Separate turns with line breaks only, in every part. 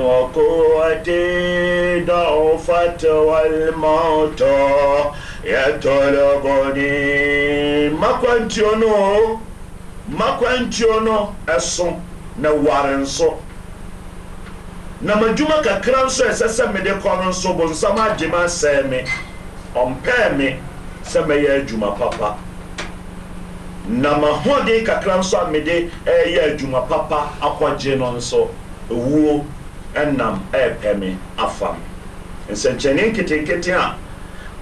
وقوتي ضعفت والموتى يطلبني ما كنت ينو ما كنت ينو الصم نوارن صم na madwuma kakra nso ɛsɛ sɛ mede kɔ no nso bonsam agye ma sɛe me ɔmpɛɛ papa na kakra ɛnam ɛɛpɛ me afa me nsɛnkyɛnne nketenkete a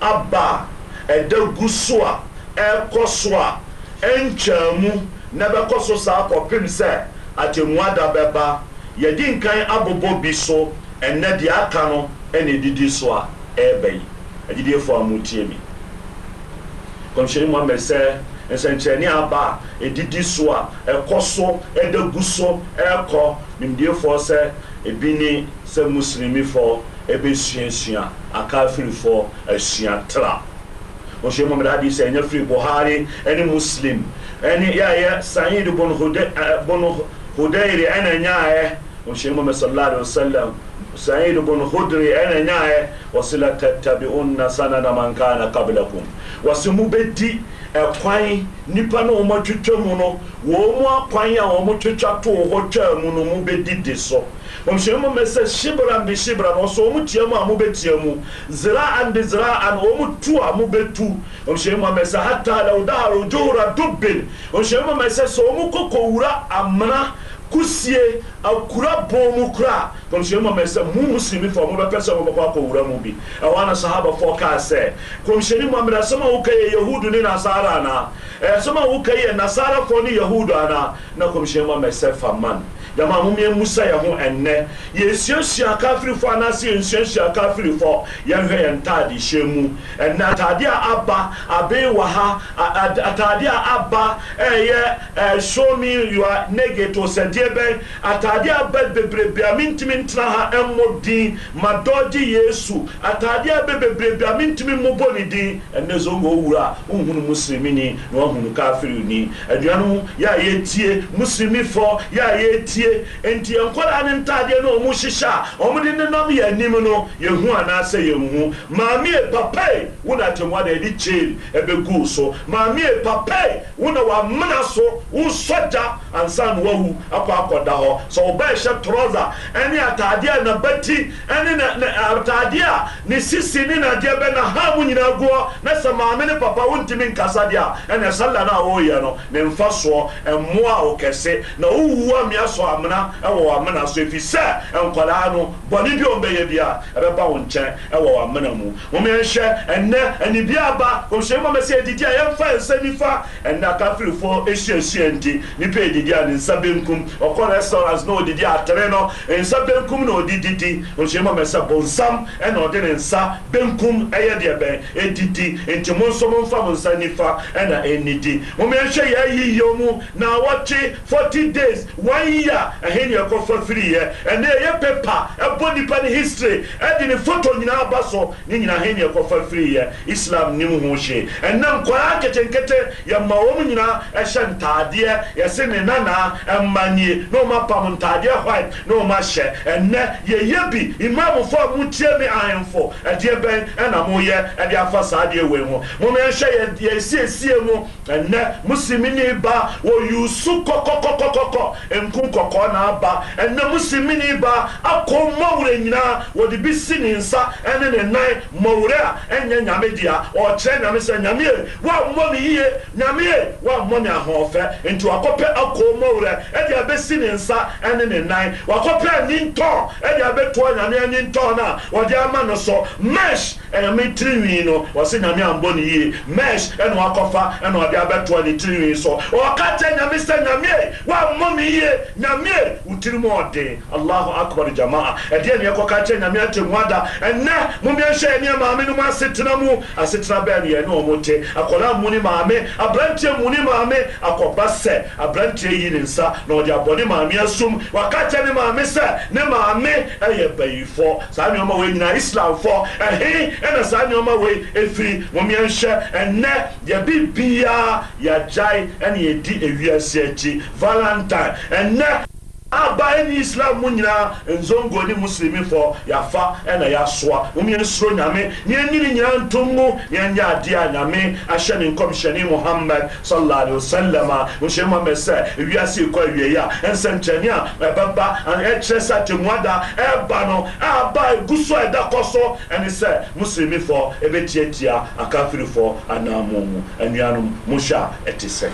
aba a ɛda gu so a ɛrekɔ so a ɛntwaamu na ɛbɛkɔ so saa kɔpem sɛ atemua da bɛba yɛde nkan abobɔ bi so ɛnɛ deɛ aka no ɛna edidi so a ɛɛbɛ yi agyidiefoɔ a mo tie mi kɔmhyɛnni mu amɛ sɛ nsɛnkyerɛnne aba a ɛdidi so a ɛkɔ so ɛda gu so ɛkɔ nimdiefoɔ sɛ ebi ne sɛ muslimifoɔ ɛbɛsuasua akafirifoɔ asua tra ɔhyɛ mu mmara hadis ɛnyɛ firi buhari ɛne muslim ɛne yɛayɛ said bon hudairi ɛna nyaɛ ɔhyɛ mu mmɛ sallallahu alaihi wasallam سعيد بن خدري انا ناي وصل تتبعون سنن من كان قبلكم وسمو بدي ɛkwan nipa na wɔn atwitwa mu no wɔn akwan a wɔn twitwa to hɔ twaa mu no mo bɛdidi so wɔn mu mɛ sɛ shibra bi shibra no so wɔn tia mu a mo bɛtia mu ziraan bi ziraan wɔn tu a mo bɛtu wɔn mu mɛ sɛ hata dawuda arojo wura dubin wɔn mu mɛ sɛ so wɔn kɔkɔ wura amena. kusie akura bɔn mu kura kɔmsiyɛni mamɛ sɛ mun musulmi fɔ mun bɛ pɛ sɛ mun bɛ kɔ wura mu bi ɛwɔ ana sahaba fɔ k'a sɛ kɔmsiyɛni mamɛ sɛma o ka yɛ yahudu ni nasara na ɛɛ eh, sɛma o ka yɛ nasara fɔ ni yahudu ana na kɔmsiyɛni mamɛ sɛ faman jama momeɛ mu sɛ yɛ ho ɛnnɛ yɛsuasua kafirifoɔ anaasɛ yɛnsuasua kafirifoɔ yɛnhwɛ yɛn ntaade hyɛ mu ɛnɛ ataade a aba abee wɔ ha ataade a aba ɛyɛ show me your negative sɛdeɛ bɛn ataade a aba bebrebe a mentumi ntena ha ɛmmɔ din madɔgye yesu ataade a bɛ bebrebe a mentumi mmobɔ ne din ɛnɛ zongo wura wohunu muslimini na wahunu kafirini aduanom yɛ a yɛtie muslimifoɔ yɛ a yɛtie tie nti nkwadaa ne ntaadeɛ na ɔmo hyehyɛ a ɔmo de nenam yɛ anim no yɛhu anaasɛ yɛnhu maame yɛ papae wo na atɛmua de ɛde kyeel ɛbɛgu so maame yɛ papae wo na wamena so wo sɔgya ansa na wahu akɔ akɔda hɔ sɛ ɔba ɛhyɛ trɔza ɛne ataadeɛ a nabati ɛne ataadeɛ a ne sisi ne nadeɛ bɛ na ha mu nyinaa goɔ na sɛ maame ne papa wontumi nkasa deɛ a ɛne sala no a wɔreyɛ no ne mfa soɔ ɛmmoa a wo na wowu amea so amena ɛwɔ wɔ amena so efi sɛ nkɔlaa no bɔnne bi a ɔmbɛyɛ bia ɛbɛba wɔn nkyɛn ɛwɔ wɔ amena mu wɔn yɛnhyɛ ɛnɛ ɛni bi aba mu amɛsɛ edidi a yɛnfa nsa nifa ɛnɛ akafirifo ehyiahyia nti nipa edidi a ne nsa benkum ɔkɔ restaurant na odidi atere no nsa benkum na odidi di mu amɛsɛ bɔnsam ɛna ɔde ne nsa benkum ɛyɛ deɛ bɛn edidi nti mo nso mo nfa mo nsa nifa ɛna enidi wɔn yɛnhyɛ yɛ ayiyi mu na wɔkye forty days one year a ɛhe ne ɛkɔfa firiiɛ ɛnɛ ɛyɛ pepa ɛbɔ nipa ne history ɛde ne photo nyinaa ba so ne nyinaa he ne ɛkɔfa firiiɛ islam nim ho hye ɛnɛ nkwaraa nketenkete yɛma wɔn nyinaa ɛhyɛ ntaadeɛ yɛse ne nana ɛma nie na wɔn apam ntaadeɛ white na wɔn ahyɛ ɛnɛ yɛyɛ bi imamfoɔ a mo tie mi ahemfo ɛdeɛ bɛn ɛna mo yɛ ɛde afa saa adeɛ wei ho mo mɛ hyɛ yɛsiesie mu ɛnɛ musimini ba wɔ yusu kɔkɔkɔkɔkɔ nkun kɔkɔ akɔɔ na aba ɛnam simini ba akɔ mawura nyinaa wɔde bi si ne nsa ɛne ne nan mawura a ɛnyɛ nyame dea ɔkyerɛ nyame sɛ nyame ye woammɔ me yie nyame ye woammɔ me ahoɔfɛ nti wakɔpɛ akɔ mawura ɛde abɛsi ne nsa ɛne ne nan wakɔpɛ ani ntɔn ɛde abɛtoa nyame ani ntɔn no a wɔde ama no so mesh ɛnyame tirinwi no wɔse nyame ambɔ ne yie mesh ɛne wakɔfa ɛne ɔde abɛtoa ne tirinwi so ɔka kyɛ nyame sɛ nyame woammɔ me yie nyame nyame wotiri mu ɔden allahu akbar jamaa ɛdeɛ neɛ kɔka kyerɛ nyame atemu ada ɛnɛ momyɛnhyɛ ɛneɛ maame no mu asetena mu asetena bɛɛ no ɔmo te akɔla mu ne maame aberanteɛ mu ne maame akɔba sɛ aberanteɛ yi ne nsa na ɔde abɔ maame asum waka kyerɛ ne maame sɛ ne maame ɛyɛ bayifɔ saa nneɔma wei nyinaa islamfɔ ɛhe ɛna saa nneɔma wei ɛfiri momyɛnhyɛ ɛnɛ yɛbi yɛagyae ɛne yɛdi ewiase akyi valentine ɛnɛ aba ɛne islam mu nyinaa nzongo ne muslimi fɔ yafa ɛna yasoa wɔn yɛn soro nyame yɛn ni ne nyinaa ntom mu yɛn nyɛ adeɛ a nyame ahyɛ ne nkɔmhyɛne muhammad sallallahu alaihi wasallam a nhyɛn mu amɛ sɛ ewiase kɔ awie yi a nsɛnkyɛnni a ɛbɛba ɛkyerɛ sɛ atemuada ɛɛba no aba egu so a ɛda kɔ so ɛne sɛ muslimi fɔ ɛbɛtiatia akafiri fɔ anamu mu anuanom mu hyɛ a ɛte sɛ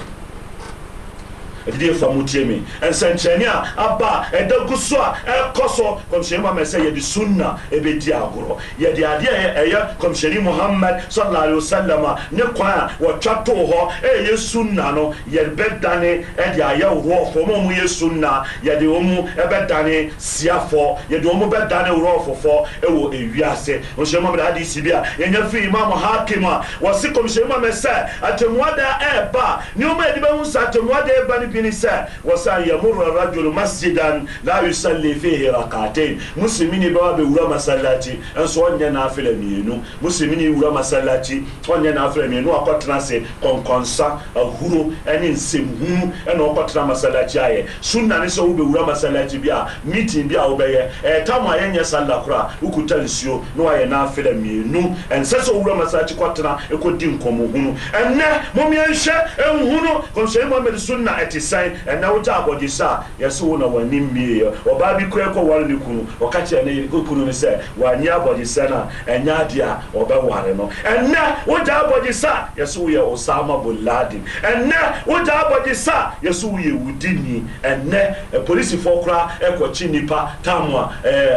ɛdidi efa mu tie mi nsɛnkyerɛni a aba ɛda gu so a ɛkɔ so kɔmhyɛni muhammed sɛ yɛde sunna ebedi agorɔ yɛde adeɛ ɛyɛ kɔmhyɛni muhammed sallallahu alaihi wasallam a ne kwan a wɔtwa too hɔ ɛyɛ sunna no yɛbɛdane ɛde ayɛ worɔfo wɔn a wɔn yɛ sunna yɛde wɔn ɛbɛdane siafo yɛde wɔn bɛdane worɔfofo ɛwɔ ewiase kɔmhyɛni muhammed hadisi bi a yɛnyɛ fi imaamu hakim a wɔsi kɔmhyɛni muhammed sɛ atɛmuada ɛɛba nneɛma yɛde bɛhu sɛ atɛmuada ɛɛba nisa wasa yamurra rajulu masjidan la yusalli fihi rakatain musulmi ni baba bɛ wura masallaci ɛnso ɔnyɛ n'afɛlɛ mienu musulmi ni wura masallaci ɔnyɛ n'afɛlɛ mienu akɔtena se kɔnkɔnsa ahuro ɛne nsɛmhunu ɛna ɔkɔtena masallaci ayɛ sunna ni sɛ wobɛ wura masalati bi a meeting bi a wobɛyɛ ɛtam a yɛnyɛ salla kora wokuta nsuo na wayɛ n'afɛlɛ mienu ɛnsɛ sɛ wowura masallaci kɔtena ɛkɔdi nkɔmmɔhunu ɛnnɛ momeɛnhyɛ ɛnhunu kɔmhyɛni mohamed sunna ɛte te sɛn ɛnɛ wogya abɔgye sɛ a yɛse wo na w'ani mmieɛ ɔbaa bi kora kɔ ware ne kunu ɔka kyerɛ ne kunu no sɛ wanyɛ abɔgye sɛ no a ɛnyɛ adeɛ a ɔbɛware no ɛnɛ wogya abɔgye sɛ a yɛse woyɛ osama boladin ɛnɛ wogya abɔgye sɛ a yɛse woyɛ wudini ɛnɛ polisifoɔ koraa ɛkɔkye nnipa tam a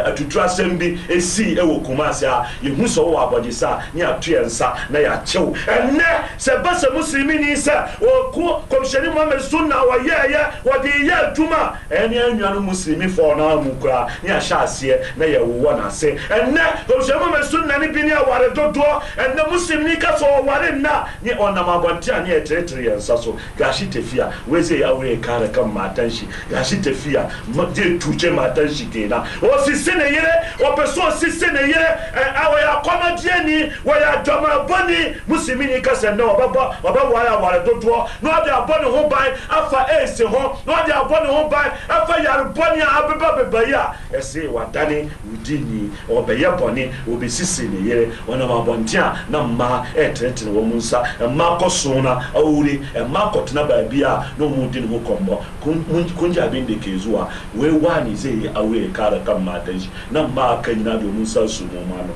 atutu asɛm bi ɛsii ɛwɔ kumase a yɛhu sɛ wowɔ abɔgye sɛ ne ato yɛ nsa na yɛakyew ɛnɛ sɛ bɛ sɛ muslimini sɛ ɔko kɔmhyɛne mohamad sunna wɔyɛɛyɛ wɔde yɛ adwuma ɛne anua no muslimi fɔ no mu koraa ne ahyɛ aseɛ na yɛwowɔ n'ase ɛnɛ ɔsuama ma sunna ne bi ne aware dodoɔ ɛnɛ muslimni ka sɛ ɔware nna ne ɔnam abɔnte a ne yɛteretere yɛ nsa so gashi tafiya wai zai aure ya kare kan matan shi gashi tafiya zai tuce matan shi kenan ne yere opeso osisi ne yere waya kɔmɔdiɛ ni waya jɔnmabɔ ni musulmi ni kasɛ nɛ wabɛbɔ wabɛwɔ ayaware dodoɔ n'ɔde abɔ ne ho ban afa a ɛsi hɔ na ɔde abɔ ne ho ban afa yarebɔne a abeba beba yi a ɛse wadane wodi ni ɔbɛyɛ bɔne ɔbɛsisi ne yere ɔnam abɔnten a na mma ɛtenetene wɔ mu nsa mma kɔ so na awuri mmaa kɔtena baabi a na ɔmo di ne ho kɔmmɔ kunja abin da ke zuwa wai wani zai yi aure ya kare kan matan shi nan ma ka yi na domin sa su noma no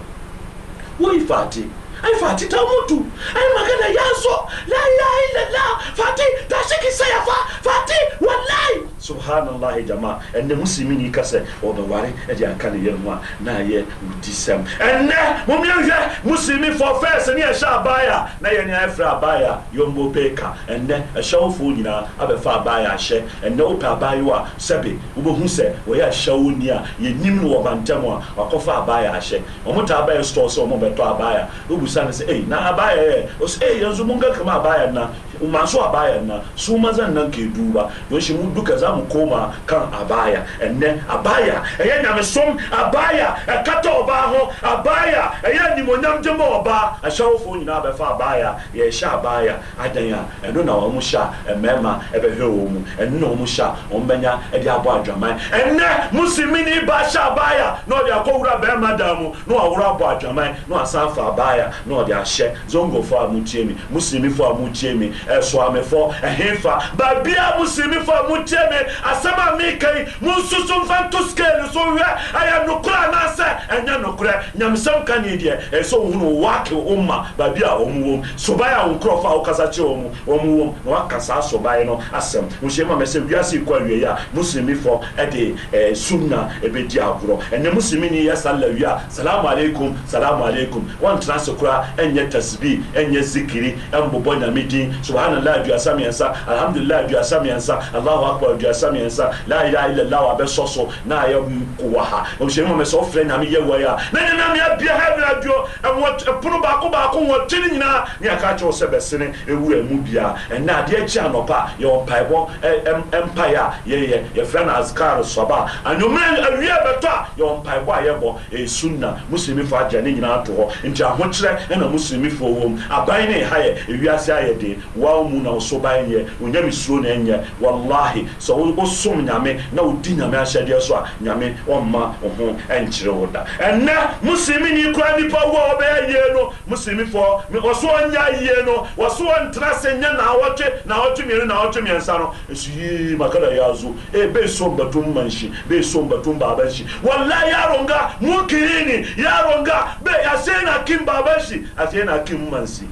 wai fate ai fati ta mutu ai magana ya zo la ilaha illallah fati tashi ki saya fa fati wallahi subhanallah jama ɛnɛ musulmi ni ka sɛ ɔbɛware ɛdi aka ne yɛrɛ mu a n'a yɛ wudi sɛm ɛnɛ mo mi fɔ fɛs ni ɛhyɛ abaya na yɛ ni ayɛ fɛ abaya yɔnbo bɛɛ ka ɛnɛ ɛhyɛwofo nyinaa abɛfa abaya ahyɛ ɛnɛ wopɛ abayewa sɛbi wobɛhu sɛ wɔyɛ ɛhyɛwo ni a yɛnim no wɔ bantɛm a wakɔfa abaya ahyɛ wɔn ta abaya stɔɔ sɛ wɔn bɛtɔ abaya wobusa ne sɛ ɛy na abaya yɛ ɔsɛ ɛy yɛn na masu abaya na su mazan nan ke duba don shi mu duka za mu koma kan abaya ɛnɛ abaya ɛyɛ eh, nyamesom abaya ɛkata eh, ɔbaa ho abaya ɛyɛ eh, nimonyam gyema ɔbaa ahyɛwofoɔ nyinaa bɛfa abaya yɛhyɛ abaya adan a ɛno na wɔn hyɛ a mmarima ɛbɛhwɛ wɔn mu ɛno na wɔn hyɛ a wɔn bɛnya ɛde abɔ adwaman ɛnɛ musimini ba hyɛ abaya na ɔde akɔwura bɛrima dan mu na ɔwura abɔ adwaman na ɔsan fa abaya na ɔde ahyɛ zongofoɔ a mu tie mi musimifo a mu tie mi ɛsoamefo ɛhenfa baabia mu simi fa motie me asɛm a meka yi monsusu mfa nto skale so hwɛ ɛyɛ nokorɛ anaasɛ ɛnyɛ nukura nyamesɛm ka ne deɛ ɛyɛ sɛ wohunu wake wo ma baabi a ɔm wom sobae a wo nkurɔfo a wokasa kyerɛ ɔm wom na waka saa sobae no asɛm wohyia ma mɛ sɛ wiase kɔ awiei a muslimifoɔ ɛde sunna ɛbɛdi agorɔ ɛnɛ muslimini yɛ sala wie a salamu alaikum salamu alaikum wɔntena se koraa ɛnyɛ tasbi ɛnyɛ zikiri ɛmbobɔ nyame din so subhanallah aduasa mmiɛnsa alhamdulilah aduasa mmiɛnsa allahu akbar aduasa mmiɛnsa la ilaha illallah wa abɛsɔ so na ayɛ ko ha ohyɛn mu sɛ ɔfrɛ nyame yɛ wɔ yi a na nyɛ nyame abia ha bi aduo e ɛwɔ e ɛpono baako baako wɔ tiri nyinaa ne aka kyerɛw sɛ bɛsene ewura e mu bia ɛnna adeɛ kyi anɔpa yɛwɔ mpaebɔ ɛ ɛmpae a yɛyɛ yɛfrɛ no azkar sɔba anwummerɛ awia bɛtɔ a yɛwɔ mpaebɔ a yɛbɔ esunna musulmifo agya ne nyinaa to hɔ nti ahokyerɛ ɛna musulmifo wɔm aban ne ha yɛ ewiase ayɛ den wɔ wɔn mu na wosoba nyɛ wonyame suo na nyɛ wallahi sɛ wosom nyame na wodi nyame ahyɛdeɛ so a nyame ɔmma wo ho nkyerɛ wo da ɛnɛ muslimi ni kura nipa wo a ɔbɛyɛ yie no muslimi fɔ wɔso ɔnyɛ yie no wɔso ɔntena se nyɛ naawɔtwe naawɔtwe mmienu naawɔtwe mmiɛnsa no nso yii makada yɛ azo eh, ee bɛyi so ma nhyɛ bɛyi so mbatum baaba nhyɛ wallahi yaro nga mu kirini yaro na kim baaba nhyɛ asɛn na kim ma nsi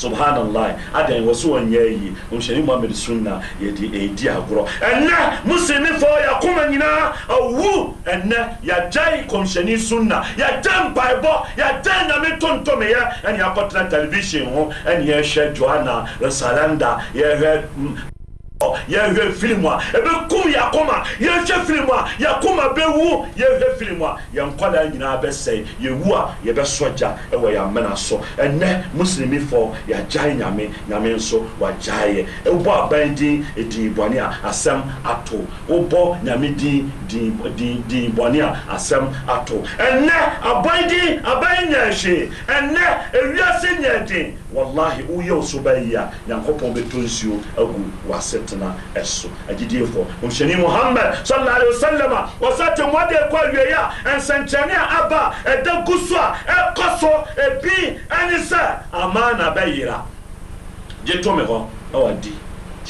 subhanallah adan wɔ so wɔnyɛ yi ɔmhyɛne muhammed sunna yɛde ɛdi agorɔ ɛnɛ musinifo yɛakoma nyinaa awu ɛnɛ yɛagyae kɔmhyɛne sunna yɛagya mpaebɔ yɛagya nyame tontomeyɛ ɛne akɔtena television ho ɛne yɛhwɛ joana resalanda yɛhwɛ yɛhwɛ filimu a ɛbɛkum yɛ akoma yɛhwɛ filimu a yɛakoma bɛwu yɛhwɛ filimu a yɛn nkwadaa nyinaa bɛsɛe yɛwu a yɛbɛsɔ gya ɛwɔ yɛn amena so ɛnɛ musulmifoɔ yɛagyae nyame nyame nso wagyae yɛ wobɔ aban din din bɔne a asɛm ato wobɔ nyame din din bɔne a asɛm ato ɛnɛ aban din aban nyɛ hwee ɛnɛ ewiase nyɛ den wallahi woyɛ so bɛyɛ a nyankopɔn bɛtɔ nsuo agu w'asetena ɛso agyidiefoɔ ɔmhyɛni mohammad sala alei wasalam a ɔsa te mmoade ɛkɔ awieyi a ɛnsɛnkyerɛne a aba ɛda gu so a ɛkɔ so ebi ɛne sɛ amana bɛyera gye tome hɔ ɛwɔ adi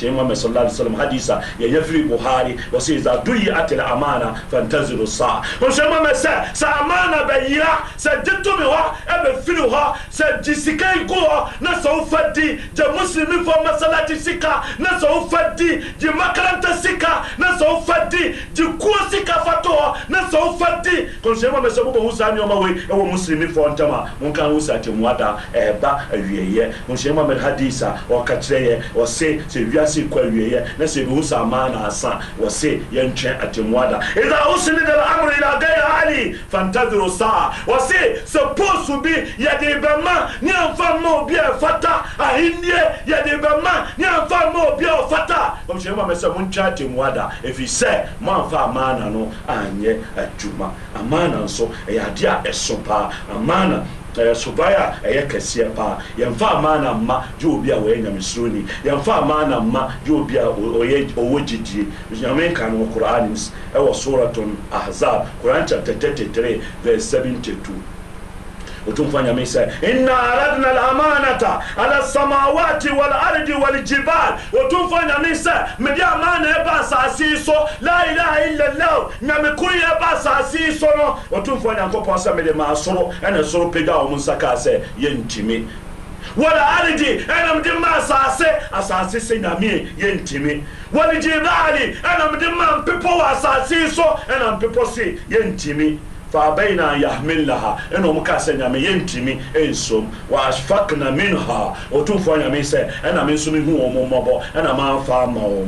kyeri muhammad sallallahu alaihi wasallam hadisa yɛnyɛ firi buhari wɔsi iza duyi atele amana fantaziru saa wɔsɛ muhammad sa sa amana bɛyira sa jitu tumi hɔ ɛbɛfiri hɔ sɛ gye sika igu hɔ na sɛ wofa di gye muslimi fɔ masalati sika na sɛ wofa di gye makaranta sika na sɛ wofa di gye kuo sika fa to hɔ na sɛ wofa di kɔnsɛn muhammad sa bubu wusa nneɛma wei ɛwɔ muslimi fɔ ntɛm a mun kan wusa tɛ mu ada ɛɛba awieeɛ kɔnsɛn muhammad hadisa ɔka kyerɛ yɛ se se wiya se kɔ awieɛ e e na sɛ bihu sɛ amaa na asa wɔ se yɛntwɛn atemmuada ɛda wosene
de amro ila gaira
ali fantadiro saa wɔ se sɛ posu bi yɛde bɛma ne amfa ma obi a ɛfata ahennie yɛde bɛma ne amfa ma obi a ɔfata ɔmhyɛ ma mɛ sɛ montwɛn atemmuada ɛfiri sɛ moamfa amaana no anyɛ adwuma amaana nso ɛyɛ ade a ɛso paa amaana na a ɛyɛ kɛseɛ paa yɛmfa na mma gye obi a wɔyɛ nyamesuroni yɛmfa na mma gye obi a ɔwɔ gyidie nyame nka no wɔ koranes ɛwɔ suraton ahzab koran chapter 33 verse 72 utumfanya misali inna aradna lamanata ala samawati wal ardi wal jibal utumfanya misa media mana yabasa asiso la ilaha illa allah na mikuri yabasa asiso no utumfanya nkopo sɛ mede masoro ɛne soro pega omusakase yentimi wala aridi ɛna mde ma asase asase se nyame yɛntimi wale jibaali ɛna mde ma mpepɔ wɔ asase so ɛna mpepɔ se yɛntimi فابينا يحملها انهم كاسا نعم ينتمي انسوم واشفقنا منها وتوفى نعم يسا انا من سمي هو مو مبو انا ما فاهم مو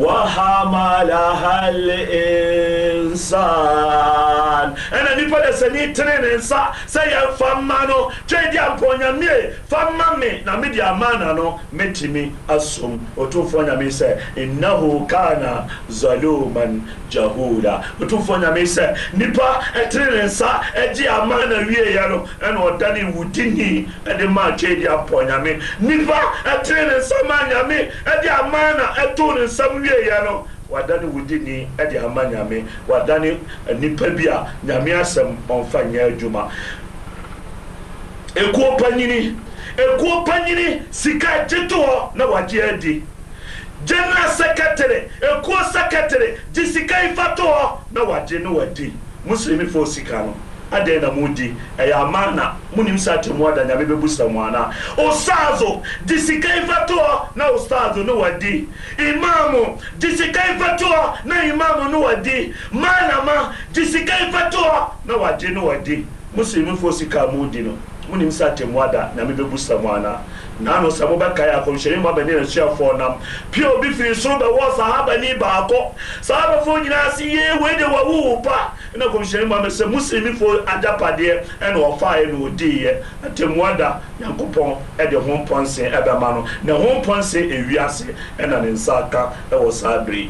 wahamalaha linsan ɛna nipa de sɛ ni tene ne nsa sɛ yɛmfa mma no twɛ di ampɔnyamie fa ma me na mede amana no mɛtumi asom ɔtomfoɔ nyame sɛ innahu kana zaluman jahula ɔtomfoɔ nyame sɛ nipa ɛtene e ne nsa ɛgye amana wieɛ no ɛna ɔdane wudini ɛde maa twɛ di ampɔnyame nipa ɛtene ne nsa ma nyame ɛde amana ɛto ne nsam yɛ no wadane wo dini de ama nyame wadane eh, nnipa bi a nyame asɛm ɔmfa nyɛ adwuma ekuo panyini ekuo panyini sika gye to hɔ na wagye adi general secretary ekuo secretary gye sika ifa to hɔ na wagye ne wadi muslimifoɔ sika no adɛn na mogye ɛyɛ ama na monim sɛ atemmu ada nyame bɛbusa mu anaa osazo de sika ifatoɔ na osazo ne wadi imamo de sika ifatoɔ na imamo ne wadi malama de sika ifatoɔ na wagye ne wadi musulmifoɔ sika modi no monim sɛ atemmu ada nyame bɛbusa mu anaa nanu sɛ mobɛkae akɔmhyɛni mabani nasuafoɔ nam pia obi firi soro bɛwɔ sahabani baakɔ sahabafoɔ nyinaa se ye wei de wawowo pa na kɔmhyɛni ma sɛ muslimifoɔ agyapadeɛ ɛne ɔfaeɛ ne ɔdiiɛ atemmuada nyankopɔn ɛde ho mpɔnse ɛbɛma no na ho mpɔnse ewiase ɛna ne nsa aka ɛwɔ saa bere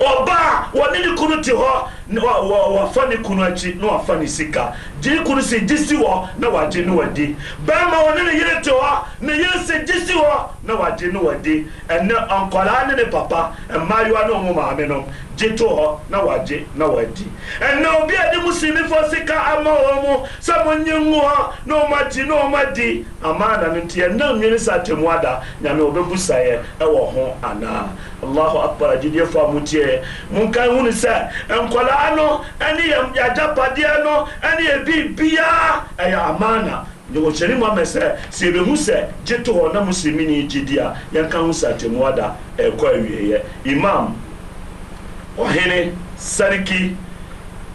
ɔbaa wɔne ne kunu te hɔ wɔfa ne kunu akyi na wafa ne sika gye kunu sɛ gye si hɔ na wagye ne wadi bɛrima wɔne ne yere te hɔ ne yere sɛ gye si hɔ na wagye ne wadi ɛnɛ nkwadaa ne ne papa mmaayewa ne ɔmo maame no gye to hɔ na wagye na wadi ɛnɛ obi a de musulmifoɔ sika ama wɔn mu sɛ mo nye ngu hɔ na ɔmo agye na ɔmo adi amaana ne nteɛ na nwene sɛ atemu ada nyame ɔbɛbu sayɛ ɛwɔ ho anaa allahu akbar agyidiefo a mo tie deɛ monka hunu sɛ nkɔlaa no ɛne yɛ agyapadeɛ no ɛne yɛ biribiaa ɛyɛ amana nyɔkɔkyɛni mu amɛ sɛ sɛ ebehu sɛ gye to hɔ na musulmi ni gye di a yɛnka ho sɛ atemua da ɛkɔ awieɛ imam ɔhene sariki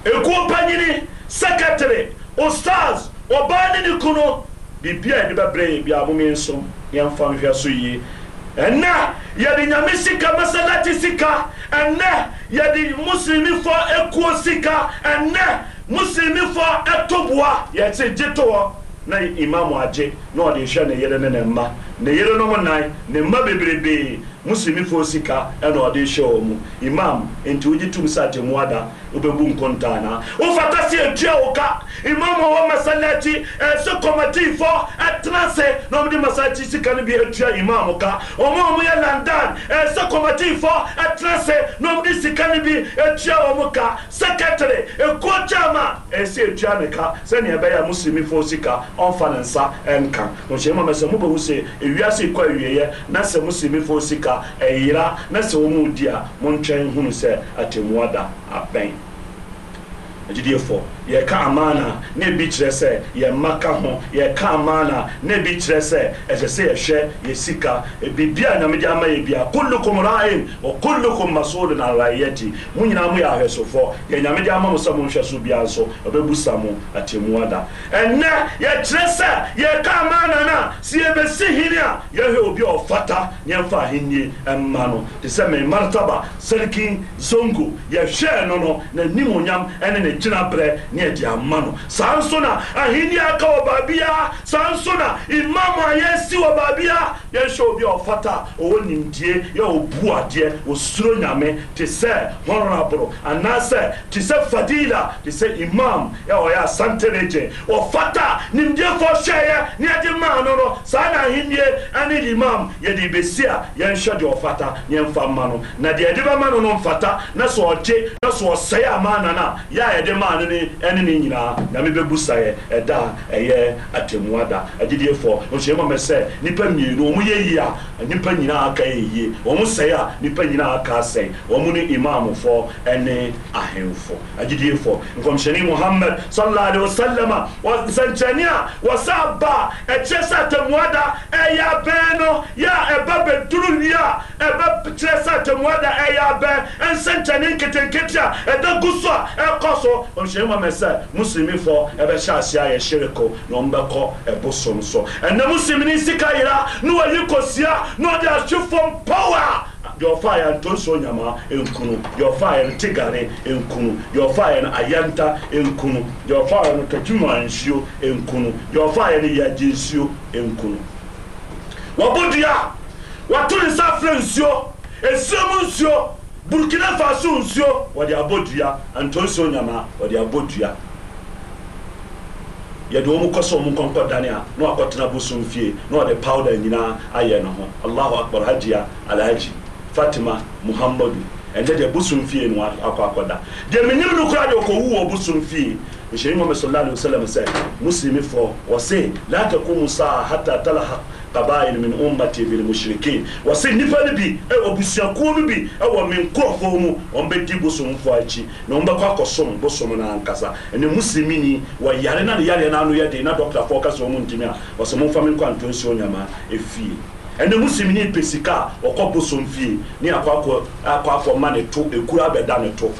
ekuo panyini sekretary ostars ɔbaa ne ne kunu biribi a yɛde bɛbrɛ yɛ bi a mo mi nso yɛnfa nhwɛ so yie ɛnɛ yɛde nyame sika masalati sika ɛnɛ yɛde musulmifɔ ekuo sika ɛnɛ musulmifɔ ɛtoboa yɛte gye to hɔ na imamu agye na ɔde hwɛ ne yere ne ne mma ne yere no mu nan ne mma bebrebe musulmifoɔ sika ɛna ɔde hyɛ wɔ mu imam nti wogye tom sɛ atemmuada wobɛbu nkontaa naa wofata se atua wo ka imam wɔ masalati ɛsɛ eh, kɔmatiifoɔ ɛtena eh, sɛ na ɔmde masalati sika no bi atua imam ka ɔmo a ɔmoyɛ london ɛsɛ eh, kɔmatiifoɔ ɛtena sɛ na ɔmde sika no bi atua wɔ mo ka sekretary ɛkuo gyama ɛsɛ atua ne ka sɛnea ɛbɛyɛ a muslimifoɔ sika ɔmfa ne nsa ɛnka ɔhyɛ mama sɛ mobɛhu sɛ ewiase kɔ awieɛ na sɛ muslimifoɔ sika ɛyera na sɛ wɔmu di a montwɛn hunu sɛ atemmuada abɛn agyidiefoɔ yɛka amaana ne bi kyerɛ sɛ yɛ mma ka ho yɛka amaana ne bi kyerɛ sɛ ɛsɛ sɛ yɛhwɛ yɛ sika biribia nyame de ama yɛ bia kullukum ra'in wa kullukum masulun an ra'iyati mo nyinaa mo yɛ ahwɛsofoɔ yɛ nyame de ama mo sɛ monhwɛ so biara nso ɔbɛbusa mo atemmu ada ɛnnɛ yɛkyerɛ sɛ yɛka amaana no a sɛ yɛbɛsi hene a yɛhwɛ obi a ɔfata ne ahennie ɛmma no te sɛ me martaba serkin zongo yɛhwɛɛ no no na nimonyam ɛne ne ne gyina berɛ ne ɛde ama no saa nso na ahenni aka wɔ baabia saa nso na imam a yɛasi wɔ baabia yɛnhyɛ obi a ɔfata ɔwɔ nimdie yɛ ɔbu adeɛ ɔsuro nyame te sɛ honorable anaasɛ te sɛ fadila te sɛ imam yɛ ɔyɛ asante regye ɔfata nimdiefoɔ hyɛeɛ ne ɛde maa no no saa na ahennie ane imam yɛde bɛsi a yɛnhyɛ deɛ ɔfata yɛmfa mma no na deɛ ɛde bɛma no no mfata na sɛ ɔgye na sɛ ɔsɛe ama nana yɛ ɛde maa no ne ɛne ne nyinaa nyame bɛbu saeɛ ɛda a ɛyɛ atemmu ada agyediefoɔ nso yɛma mɛ sɛ nnipa mmienu ɔmo yɛ yie a nnipa nyinaa aka yɛ yie ɔmo sɛe a nnipa nyinaa aka asɛe ɔmo ne imamfoɔ ɛne ahemfo agyediefoɔ nkɔmhyɛne muhammad sallallahu alaihi wasallam a nsɛnkyɛne a wɔsa ba a ɛkyerɛ sɛ atemmu ada ɛyɛ abɛn no yɛ a ɛba bɛduru wie a ɛbɛkyerɛ sɛ atemmu ada ɛyɛ abɛn ɛnsɛnkyɛne nketenkete a ɛda gu so a ɛkɔ so nso ɔnhyɛn ma mɛ sɛ musulmifoɔ ɛbɛhyɛ ase ayɛ hyeriko na ɔmbɛkɔ ɛbosom so ɛnna musulmini sika yira na wɔyi kɔsia na ɔde ahwe fam power deɛ ɔfa ayɛ ntonso nyama nkunu deɛ ɔfa ayɛ no tigare nkunu deɛ ɔfa ayɛ no ayanta nkunu deɛ ɔfa ayɛ no katuma nsuo nkunu deɛ ɔfa ayɛ no yagye nsuo nkunu wɔbɔ dua wɔto ne nsa afra nsuo esuom nsuo burkina faso nsuo wɔde abɔ dua ntonso nyamaa wɔde abɔ dua yɛde wɔn kɔ sɛ wɔn nkɔnkɔ dane a na wakɔtena bosom fie na wɔde powder nyinaa ayɛ ne ho allahu akbar hajia alhaji fatima muhammadu ɛnɛ deɛ bosom fie no akɔ akɔda deɛ menim no koraa deɛ ɔkɔwu wɔ bosom fie nhyɛni muhammad sallallahu alaihi wasallam sɛ muslimifoɔ wɔse la takumu saa hatta talahaq qabail min ummati bil mushrikin wasi nnipa no bi ɛwɔ e abusuakuo no bi ɛwɔ e me nkurɔfoɔ mu ɔmbɛdi bosomfoɔ akyi na ɔmbɛkɔ akɔsom bosom na ankasa ɛne wa wɔyare na ne yareɛ no ano yɛ den na dɔktafoɔ ka sɛ ɔmu ntimi a wɔsɛ momfa me nkɔ antonsuo nyama ɛfie ɛne muslimini pɛ sika a ɔkɔ bosom fie ne akɔ akɔ ma ne to ɛkura bɛda ne to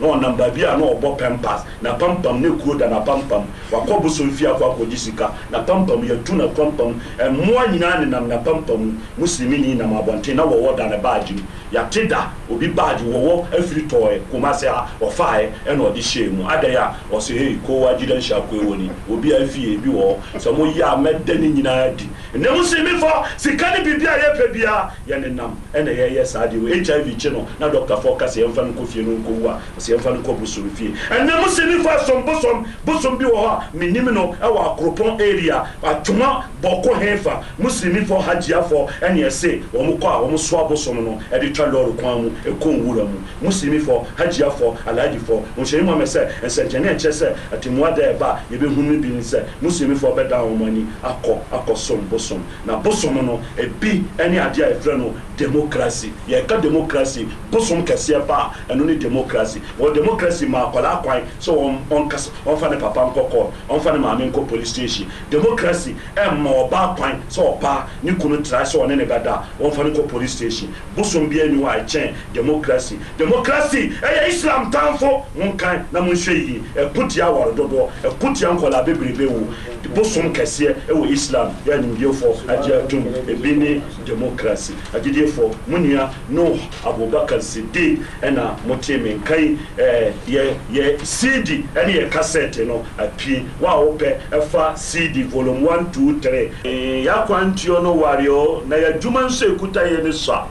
na ɔnam baabi a na ɔbɔ pampas na pampam ne kuro da na pampam wakɔ bosom fie akɔ akɔgye sika na pampam yɛtu na pampam mmoa nyinaa nenam na pampam mu muslimini nam abɔnten na wɔwɔ da ne baagye mu yàtí da obi baagi wɔwɔ afiri tɔɔɛ kumase a ɔfaayɛ ɛna ɔde hyɛ mu adɛɛ a ɔsɛ hei kowa gyida nhyɛ akoe wɔ ni obi afie bi wɔ sɛ mo yɛ a mɛda ne nyinaa di nnam si mi fɔ sika ni bibi a yɛpɛ bia yɛne nam ɛna yɛyɛ saa deɛ wɔ hiv kyi no na dɔktafoɔ ka sɛ yɛmfa no nkɔ fie no nkɔwu a sɛ yɛmfa no kɔ bosom fie ɛnam si mi fɔ som bosom bosom bi wɔ hɔ a menim no ɛwɔ akoropɔn area atwoma bɔko hefa muslimifoɔ hagyiafoɔ ɛne ɛse wɔn kɔ a wɔn soa bosom no ɛde tw twa lɔɔre kwan mu ɛkɔ nwura mu musulmifoɔ hagyiafoɔ alaagifoɔ nhyɛni mu amɛ sɛ nsɛnkyɛnne ɛkyɛ sɛ atemua da ɛba a yɛbɛhunu bi ne sɛ musulmifoɔ bɛda wɔn ani akɔ akɔ som bosom na bosom no ebi ɛne adeɛ a yɛfrɛ no democracy yɛka democracy bosom kɛseɛ ba ɛno ne democracy wɔ democracy ma akwadaa kwan sɛ wɔn ɔnkasa ɔnfa ne papa nkɔ kɔɔ ɔnfa ne maame nkɔ police station democracy ɛma ɔbaa kwan sɛ ɔbaa ne kunu tra sɛ ɔne ne bɛda ɔnfa ne kɔ police station bosom bi yɛni wɔ akyɛn democracy democracy ɛyɛ islam tanfo nkan na mo nhwɛ yie ɛkutia wɔre dodoɔ ɛkutia nkɔla bebrebe wo bosom kɛseɛ ɛwɔ islam yɛ nimdiefoɔ agye adum ebi ne democracy agyediefoɔ mo nua no abubakar sidi ɛna mote me nkan ɛɛ yɛ yɛ cd ɛne yɛ cassette no apie wa a wopɛ ɛfa cd volume one two three. ɛɛ yakwantuo no wariɔ na yɛ adwuma nso ekuta yɛ ne sɔ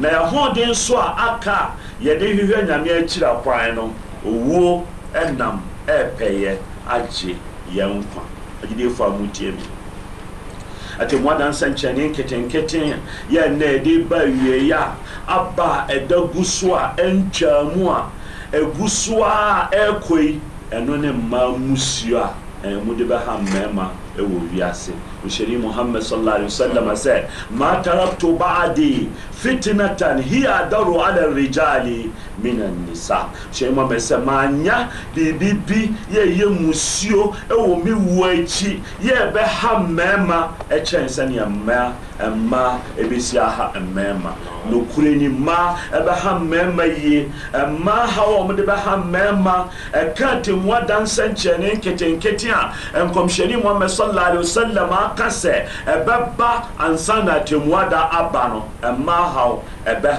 na yɛhoɔden nso a aka a yɛde hwehwɛ nyame akyira kwan no owuo ɛnam ɛɛpɛyɛ agye yɛn nkwa agyedeefo a mutie mi atemmuadansa nkyɛne nketenketen yɛ nnɛ ɛde ba awieeɛ a aba ɛda gu so a ɛntwaamu a ɛgu so a ɛɛkɔ yi ɛno ne mmaa musuo a ɛmude bɛha mmarima ɛwɔ wiase ohyɛni muhammad sallallahu alaihi wasallam sɛ ma taraktu ba'di fitinatan hiya daru ala rijali minan nisa hyɛn mu amɛsɛ maanya biribi bi yɛ yɛ musuo ɛwɔ mi wu akyi yɛ bɛha mmarima ɛkyɛn sɛnea mmaa mmaa ebesi aha mmarima nokure ni mmaa ɛbɛha mmarima yie mmaa ha wɔn de bɛha mmarima ɛka temu adansa nkyɛnni nketenkete a nkɔmhyɛni muhammed sallallahu alaihi wa sallam aka sɛ ɛbɛba ansa na temu ada aba no mmaa. barnaha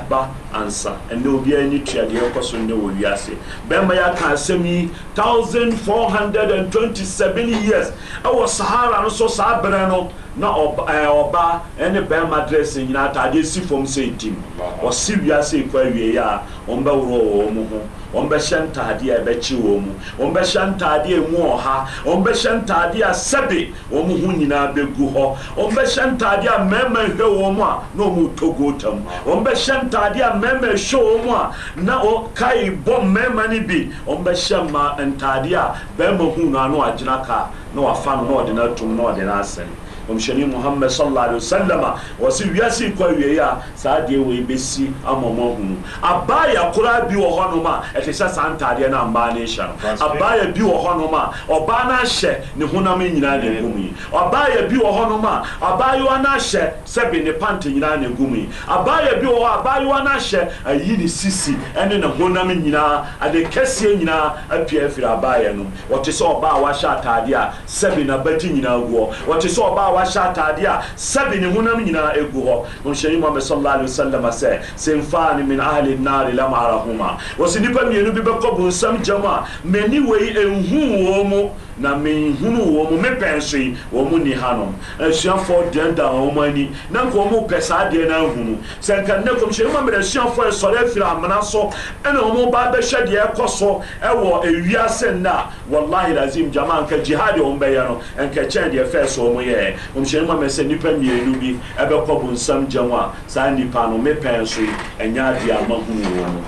behba ansa ɛnna obiara ni tua deɛ ɛkɔ so ne wɔ wiase bɛrima yɛ aka asɛm yi thousand four hundred and twenty seven years ɛwɔ e sahara no so saa berɛ no na ɛɛ ɔbaa eh, ɛne bɛrima dresse nyinaa ataadeɛ si fam sɛ ntim ɔsi wiase kɔ awie yɛ a wɔn bɛworɔ wɔn ho wɔn bɛhyɛ ntaadeɛ a ɛbɛkyi wɔn mu wɔn bɛhyɛ ntaadeɛ a emu ɔha wɔn bɛhyɛ ntaadeɛ a sɛbe wɔn ho nyinaa bɛgu hɔ wɔn bɛhyɛ ntaadeɛ a mɛɛma ehwɛ wɔn a na wɔn retɔ goota mu wɔn bɛhyɛ ntaadeɛ a mmarima ɛhyɛ wɔn mu a na ɔkae bɔ mmarima no bi ɔmbɛhyɛ mma ntaadeɛ a bɛrima hu no ano agyina ka na wafa no na ɔde no atum na ɔde no asɛn kɔmhyɛni muhammed sallallahu alaihi wa sallama wɔsi wiase kɔ awieyi a saa adeɛ wɔ ebesi ama ɔmo ahunu abaaya koraa bi wɔ hɔnom a ɛte sɛ saa ntaadeɛ na mbaa ne hyɛ no abaaya bi wɔ hɔnom a ɔbaa na ahyɛ ne honam nyinaa na egum yi abaaya bi wɔ hɔnom a abaayewa na ahyɛ sɛbi ne pante nyinaa na egum yi abaaya bi wɔ hɔ abaayewa na ahyɛ ayi ne sisi ɛne ne honam nyinaa ade kɛseɛ nyinaa apia afiri abaaya no wɔte sɛ ɔbaa wahyɛ ataadeɛ a sɛbi na bɛti nyinaa guɔ wɔte sɛ ɔbaa wahyɛ ataadeɛ a sɛbi ne honam nyinaa ɛgu hɔ ɔnhyɛni muhammad sallallahu alaihi wasallam sɛ sɛmfaa ne min ahli nnare lam arahuma wɔsi nnipa mmienu bi bɛkɔ bonsam gyam a m'ani wei ɛnhu wɔ mu na menhunu wɔ mu mepɛn so yi wɔ mu ni hanom asuafoɔ dandan wɔn ani na nka wɔn pɛ saa deɛ no ahunu sɛ nka ne kɔmhyɛn mu amena asuafoɔ ɛsɔre afiri amena so ɛna wɔn ba bɛhyɛ deɛ ɛkɔ so ɛwɔ ewiase nna wallahi lazim jama nka jihad wɔn bɛyɛ no nka kyɛn deɛ fɛɛ so wɔn yɛ kɔmhyɛn mu amena sɛ nipa mmienu bi ɛbɛkɔ bonsam gya mu a saa nipa no mepɛn so yi ɛnyɛ adeɛ ama hunu wɔn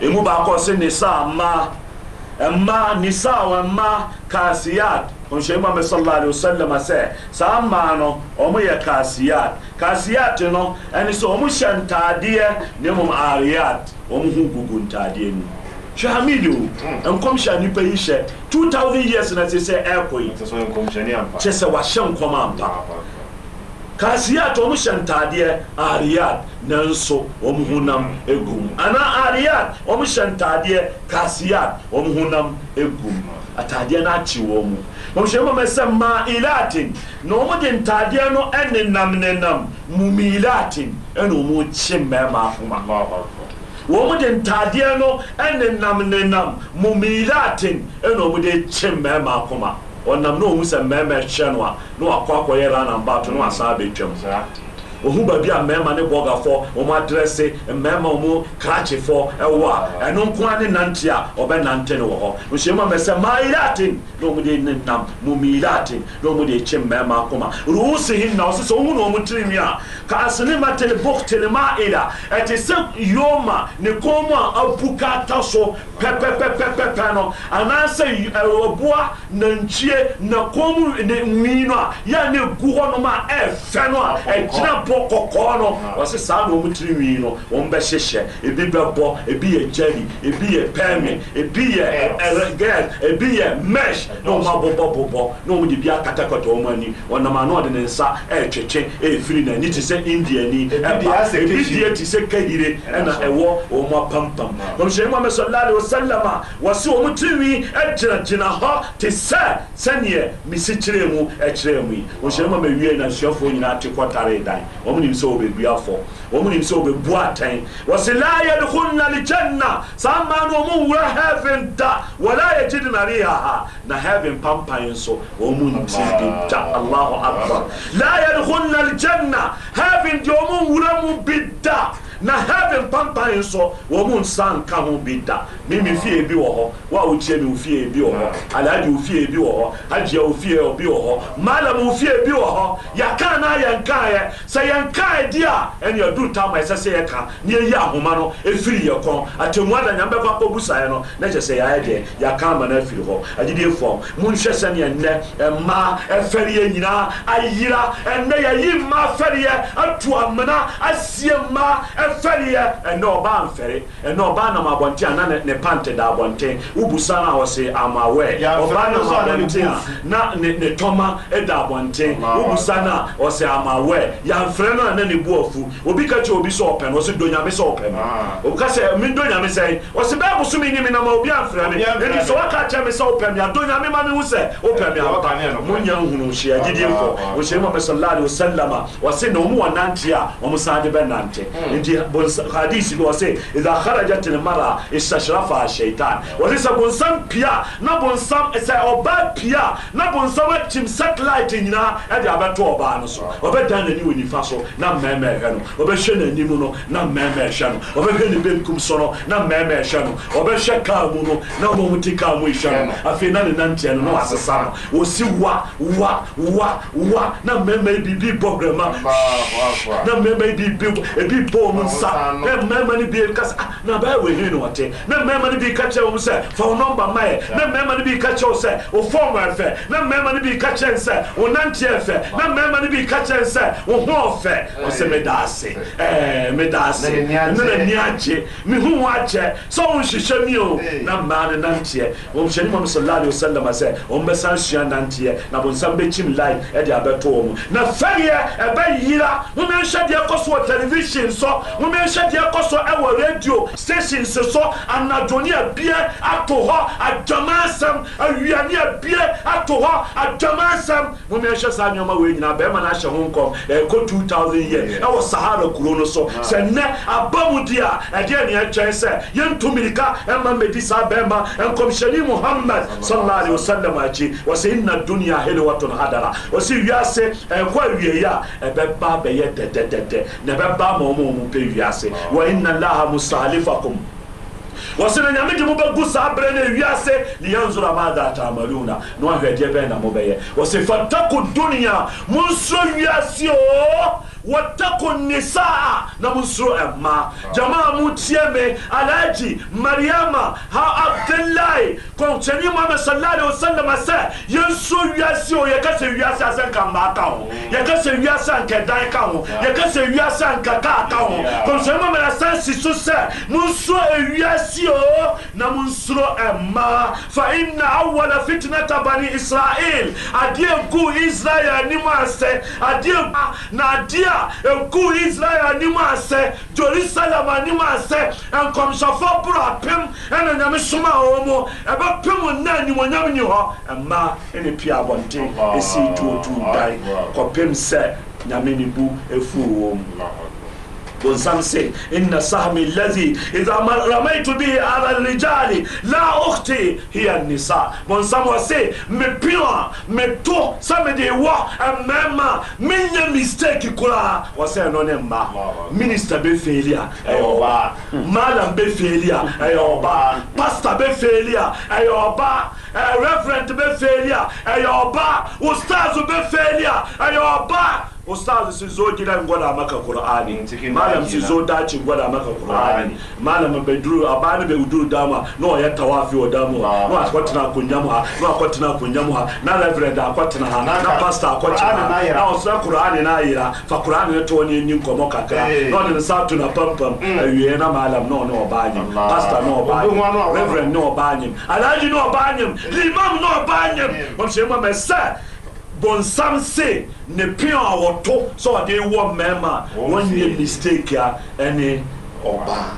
emu baako ɔsi ne saa mmaa mmaa nisaawa mmaa kaasiyad ɔnhyɛ muhammed sallallahu alaihi wasallam sɛ saa mmaa no ɔmo yɛ kaasiyad kaasiyad no ɛne sɛ ɔmo hyɛ ntaadeɛ ne mom ariyad ɔmo ho gugu ntaadeɛ mu hwɛ hamid o nkɔm hyɛ nipa yi hyɛ two thousand years na sɛ sɛ ɛɛkɔ yi kyɛ sɛ kasiyat wɔn hyɛ ntaadeɛ ariyat nanso wɔn honam egum ana ariyat wɔn hyɛ ntaadeɛ kasiyat wɔn honam egum ataadeɛ n'akyi wɔn mu wɔn hyɛ mɔmɔ sɛ mailatin na wɔn de ntaadeɛ no ɛnenam nenam mumilatin ɛna wɔn kye mmarima ahoma wɔn de ntaadeɛ no ɛnenam nenam mumilatin ɛna wɔn de kye mmarima ahoma. ɔnam ne ɔhu sɛ mmarima ɛhyɛ no a na wakɔ akɔyɛ rana mbato wasan abɛtwam ohun baabi a mmarima ne bɔgafɔ wɔn adrɛse mmarima wɔn krakyefɔ ɛwɔ a ɛno nko ne nante a ɔbɛnante no wɔ hɔ nhyiamu amɛ sɛ maa ilaten na wɔn de ne nam mu miilaten na wɔn de ekyi mmarima akoma ruusihin na ɔsosɔ wɔn na wɔn tirinwi a kaasinima telebok telema ila ɛte sɛ yoma ne kɔn mu a abu kata so pɛpɛpɛpɛpɛ no anaasɛ ɛwɔboa nantwie na kɔn mu ne nwii no a yɛ ne gu hɔ nom a ɛɛfɛ no a ɛgyina bɔ pɔ kɔkɔɔ no wɔsi saa na wɔn tirinwi no wɔn bɛ hyehyɛ ebi bɛ bɔ ebi yɛ jelly ebi yɛ pɛmi ebi yɛ ɛrɛgɛl eh, eh, ebi yɛ mesh na wɔn abobɔ bobɔ na wɔn de bi akatakata wɔn ani wɔnam ano ɔde ne nsa ɛɛtwetwe ɛɛfiri n'ani te sɛ india ni ɛba ebi deɛ te sɛ kahire ɛna ɛwɔ wɔn apampam kɔmhyɛn mu amesɔ laale osallam a wɔsi wɔn tirinwi ɛgyinagyina hɔ te sɛ sɛneɛ misi kyerɛ mu ɛkyerɛ mu yi kɔmhyɛn mu amewie na nsuafoɔ nyinaa te kɔtare dan wɔn nim sɛ wɔbɛdu afɔ wɔn nim sɛ wɔbɛbu atɛn wɔsi laayɛ de kun na likyɛnna saa mmaa no wɔn wura heaven da wɔla yɛ gyi de nare ha na heaven pampan nso wɔn mu nim sɛ de allahu akbar laayɛ de kun na likyɛnna heaven deɛ wɔn wura mu bi da. na heaven pantan nso wɔn mu nsa nka ho bi da mimi fie bi wɔ hɔ wo a wokyia mi ofie bi wɔ hɔ alhaji ofie bi wɔ hɔ haji ofie bi wɔ hɔ malam ofie bi wɔ hɔ yɛka na yɛnkaeɛ sɛ yɛnkaeɛ di a ɛne ɛdu tam a ɛsɛ sɛ yɛka ne yɛyi ahoma no ɛfiri yɛ kɔn atemmua da nyame bɛkɔ akɔbusaeɛ no na kyɛ sɛ yɛayɛ deɛ yɛaka ama no afiri hɔ agyediefoɔ monhwɛ sɛneɛ nnɛ ɛmmaa ɛfɛreɛ nyinaa ayera ɛnnɛ yɛyi mmaa fɛreɛ atu amena asie mmaa yɛfɛreɛ eh, ɛnɛ ɔbaa mfɛre ɛnɛ eh, ɔbaa nam abɔnten ana ne pante da abɔnten wobusa no a wɔse o ɔbaa nam abɔnten a na ne e da abɔnten wobusa no a ɔse amawɛ yɛamfrɛ no a na ne bu afu obi ka kyɛ obi sɛ ɔpɛ no ɔse dɔ nyame sɛ ɔpɛ no ah. obi ka sɛ mendɔ nyame sɛn ɔse bɛɛ boso me nyimi nama obi amfrɛ e ni sɛ k'a kyɛ me sɛ wopɛ me a dɔ nyame ma me wo o wopɛ me a ba monya nhunu hyia gyidie ah, mfɔ ɔhyɛ ah, mu amɛ sallallahu alaihi wasallam wa se na ɔmu wɔ nante o ɔmo saa de bɛnante hmm. nti hadisi bi wɔse idha kharajat almara istashrafa shaitan wɔse sɛ bonsam pia na bonsam sɛ ɔbaa pia na bonsam akyim satellite nyinaa ɛde abɛto ɔbaa no so ɔbɛdan n'ani wɔ nifa so na mmɛɛma ɛhwɛ no ɔbɛhwɛ n'anim no na mmɛɛma ɛhwɛ no ɔbɛhwɛ ne benkum so no na mmɛɛma ɛhwɛ no ɔbɛhwɛ kaa mu no na wɔn te kaa mu ɛhwɛ no afei na ne nanteɛ no na wasesa no wɔsi wa wa wa wa na mmɛɛma bi bi bɔ na mmɛɛma yi bi bi bɔ ɔmo nsa na mmarima no bi kasa ah, na bɛyɛ wɔ hin na ɔte na mmarima no bi ka kyerɛ wɔn sɛ fa wɔn nɔmba ma yɛ na mmarima no bi ka kyerɛ wɔn sɛ wɔ fɔɔm ɛfɛ na mmarima no bi ka kyerɛ sɛ wɔ nanteɛ ɛfɛ na mmarima no bi ka kyerɛ sɛ wɔ ho ɔfɛ ɔsɛ meda ase ɛɛ meda ase ne na ni agye ne ho ho akyɛ sɛ wɔn hyehyɛ mi o na mmaa no nanteɛ wɔn hyɛ ne mu sɔlɔ sɛ wɔn sua nanteɛ na bɔnsam bɛkyim line ɛde abɛto wɔn na fɛreɛ ɛbɛyira wɔn bɛnhyɛ deɛ kɔ so wɔ television so mome nhyɛ deɛ kɔ so ɛwɔ radio station se so anadwone abie ato hɔ adwama asɛm awiane abie ato hɔ adwama asɛm mome nhyɛ saa nneɔma wei nyinaa bɛrima no ahyɛ ho nkɔm ɛkɔ 2000 yɛ ɛwɔ sahara kuro no so sɛ nnɛ aba mu di a ɛdeɛ ne ɛkyɛn sɛ yɛnto mirika ɛma mmɛdi saa bɛrima nkɔmhyɛni muhammad sallallahu alaihi wasallam akyi wɔsɛ inna dunia helewatun hadara wɔsɛ wiase ɛkɔ awieyi a ɛbɛba bɛyɛ dɛdɛdɛdɛ na ɛbɛba ma ɔma ɔmu pɛ ne wiase wa inna laha mustahlifakum wɔsene nyame de mobɛgu saa berɛ no awiase liyanzura madha tamaluna na wahwɛ deɛ na mobɛyɛ wɔ se fatako dunia monsuro wiase o wattako nisaa na musoro ɛmma jamaa mu tiɛ me alaji mariama ha abdullahi kɔnkyɛni muhammed sallallahu alaihi wasallam sɛ yɛnso wiase o yɛkɛsɛ wiase asɛ nkammaa ka ho yɛkɛsɛ wiase a nkɛdan ka ho yɛkɛsɛ wiase a nkɛkaa ka ho kɔnkyɛni muhammed asan si so sɛ monso ewiase o na monsoro ɛmma fa inna awwala fitnata bani israel adeɛ gu israel anim asɛ adeɛ na adeɛ Juda egu Israel anim asɛ Jerusalem anim asɛ nkɔmhyɛfo boro apem ɛna nyame soma wɔ mu ɛbɛpem na animonyam nyi hɔ mmaa ɛne pii abɔnten ɛsii tuotuo dan kɔpem sɛ nyame ne bu ɛfuu wɔ mu Bonsamse inna sahmi alladhi idha ramaitu bihi ala rijali la ukhti hiya nisa. Bonsamwase mepila meto samedi wa amama minya mistake kula wase anone mba. Minister be failure ayoba. Madam be failure ayoba. Pastor be failure ayoba. Eh, reverend be failure ayoba. Ustaz be failure ayoba ustaz zo gidan gwada maka qur'ani malam zo daci gwada maka qur'ani malam bai duru a bani bai duru dama no ya tawafi wa damu no akwatina kunyamu ha no akwatina kunyamu ha na reverend akwatina ha na pastor akwatina ha na ustaz qur'ani na yira fa qur'ani ne to ne nyin komo kakra no ne sa tu na pampam awie mm. na malam no ne obanyim pastor no obanyim reverend no obanyim alaji no obanyim limam no obanyim wamshema mesa bɔnsam se ne pin a wɔto sɛ ɔde wɔ mmarima wɔnyɛ mistake a ɛne ɔbaa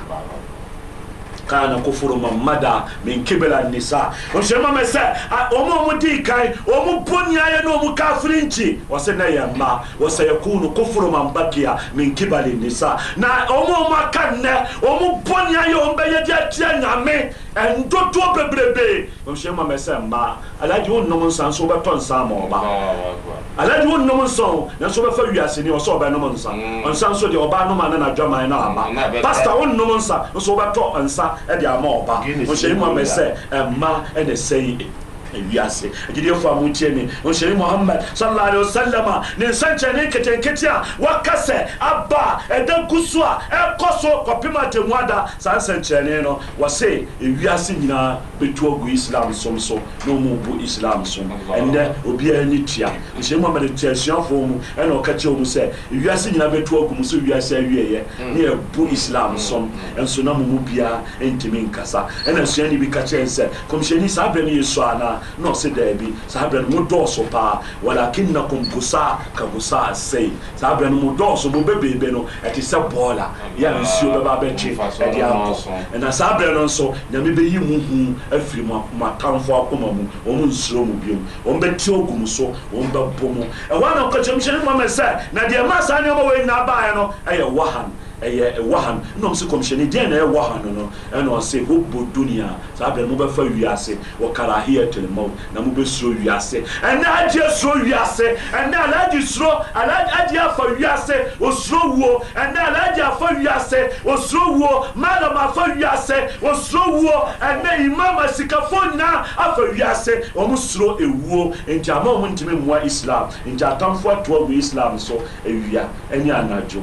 kana kofuru mamada min kibla nisa ɔhyɛma mɛ sɛ ɔmo ɔmo dii kan ɔmo bɔni ayɛ ne ɔmo kafiri nkyi wɔsɛ na yɛ mma wɔsɛ yɛkunu kofuru mambakia min kibla nisa na ɔmo ɔmo aka nnɛ ɔmo bɔni ayɛ ɔmo bɛyɛ de atia nyame ntotoɔ bebrebee ɔhyɛ ma mɛ sɛ mmaa alagye wo nnom nsa nso wobɛtɔ nsa ama ɔba mm, alagye wo nnom nsa nanso wobɛfa wiaseni ɔsɛ ɔbɛnom nsa ɔnsa nso deɛ ɔba nom ana nadwaman no ama pasta wo nnom nsa nso wobɛtɔ nsa de ama ɔba ɔhyɛ ma mɛ sɛ mma ɛne sɛ yi ewiase agyidiefo a motie me ɔhyɛne muhammad sallallahu alaihi wasallam a ne nsɛnkyɛne nketenkete a waka sɛ aba ɛda gu so a ɛkɔ so kɔpem atemmu ada saa nsɛnkyerɛne no wɔse ewiase nyinaa bɛtu agu islam som so na ɔmubu islam so ɛnnɛ obiara ni tua ɔhyɛne muhammad tua asuafoɔ mu ɛna ɔka kyerɛ mu sɛ ewiase nyinaa bɛtu agu mu sɛ ewiase awieɛ ne ɛbu islam som ɛnso na mo mu biara ntumi nkasa ɛna asuani bi ka kyerɛ sɛ kɔmhyɛni saa berɛ no yɛ so anaa na ɔsi daabi saa abirɛ no mu dɔɔso paa walakin na kom gusa ka gusa asɛyi saa abirɛ no mu dɔɔso mo bebeebe no ɛte sɛ bɔɔla yɛ a nsuo bɛba abɛgye ɛde akɔ ɛna saa abirɛ no nso nyame bɛyi mu hu afiri mu atamfo akoma mu wɔn nsuro mu biom wɔn bɛti ogu mu so wɔn bɛbɔ mu ɛwɔ na ɔkɔkyɛm hyɛn mu amɛ sɛ na deɛ mmaa saa nneɛma wɔ nyinaa baeɛ no ɛyɛ wahan ɛyɛ ɛwɔ ha no ɛna ɔmo sɛ kɔmhyɛni deɛ na ɛwɔ ha no no ɛna ɔsɛ hobo dunia saa bɛn mo bɛfa wiase wɔ karahiya tɛlɛmɔw na mo bɛsuro wiase ɛnna agye suro wiase ɛnna alagye suro alagye afa wiase osuro wuo ɛnna alagye afa wiase osuro wuo malam afa wiase osuro wuo ɛnna imam asikafo nyinaa afa wiase ɔmo suro ewuo nti ama ɔmo ntumi mua islam nti atamfo atoa wɔ islam so ewia ɛne anadwo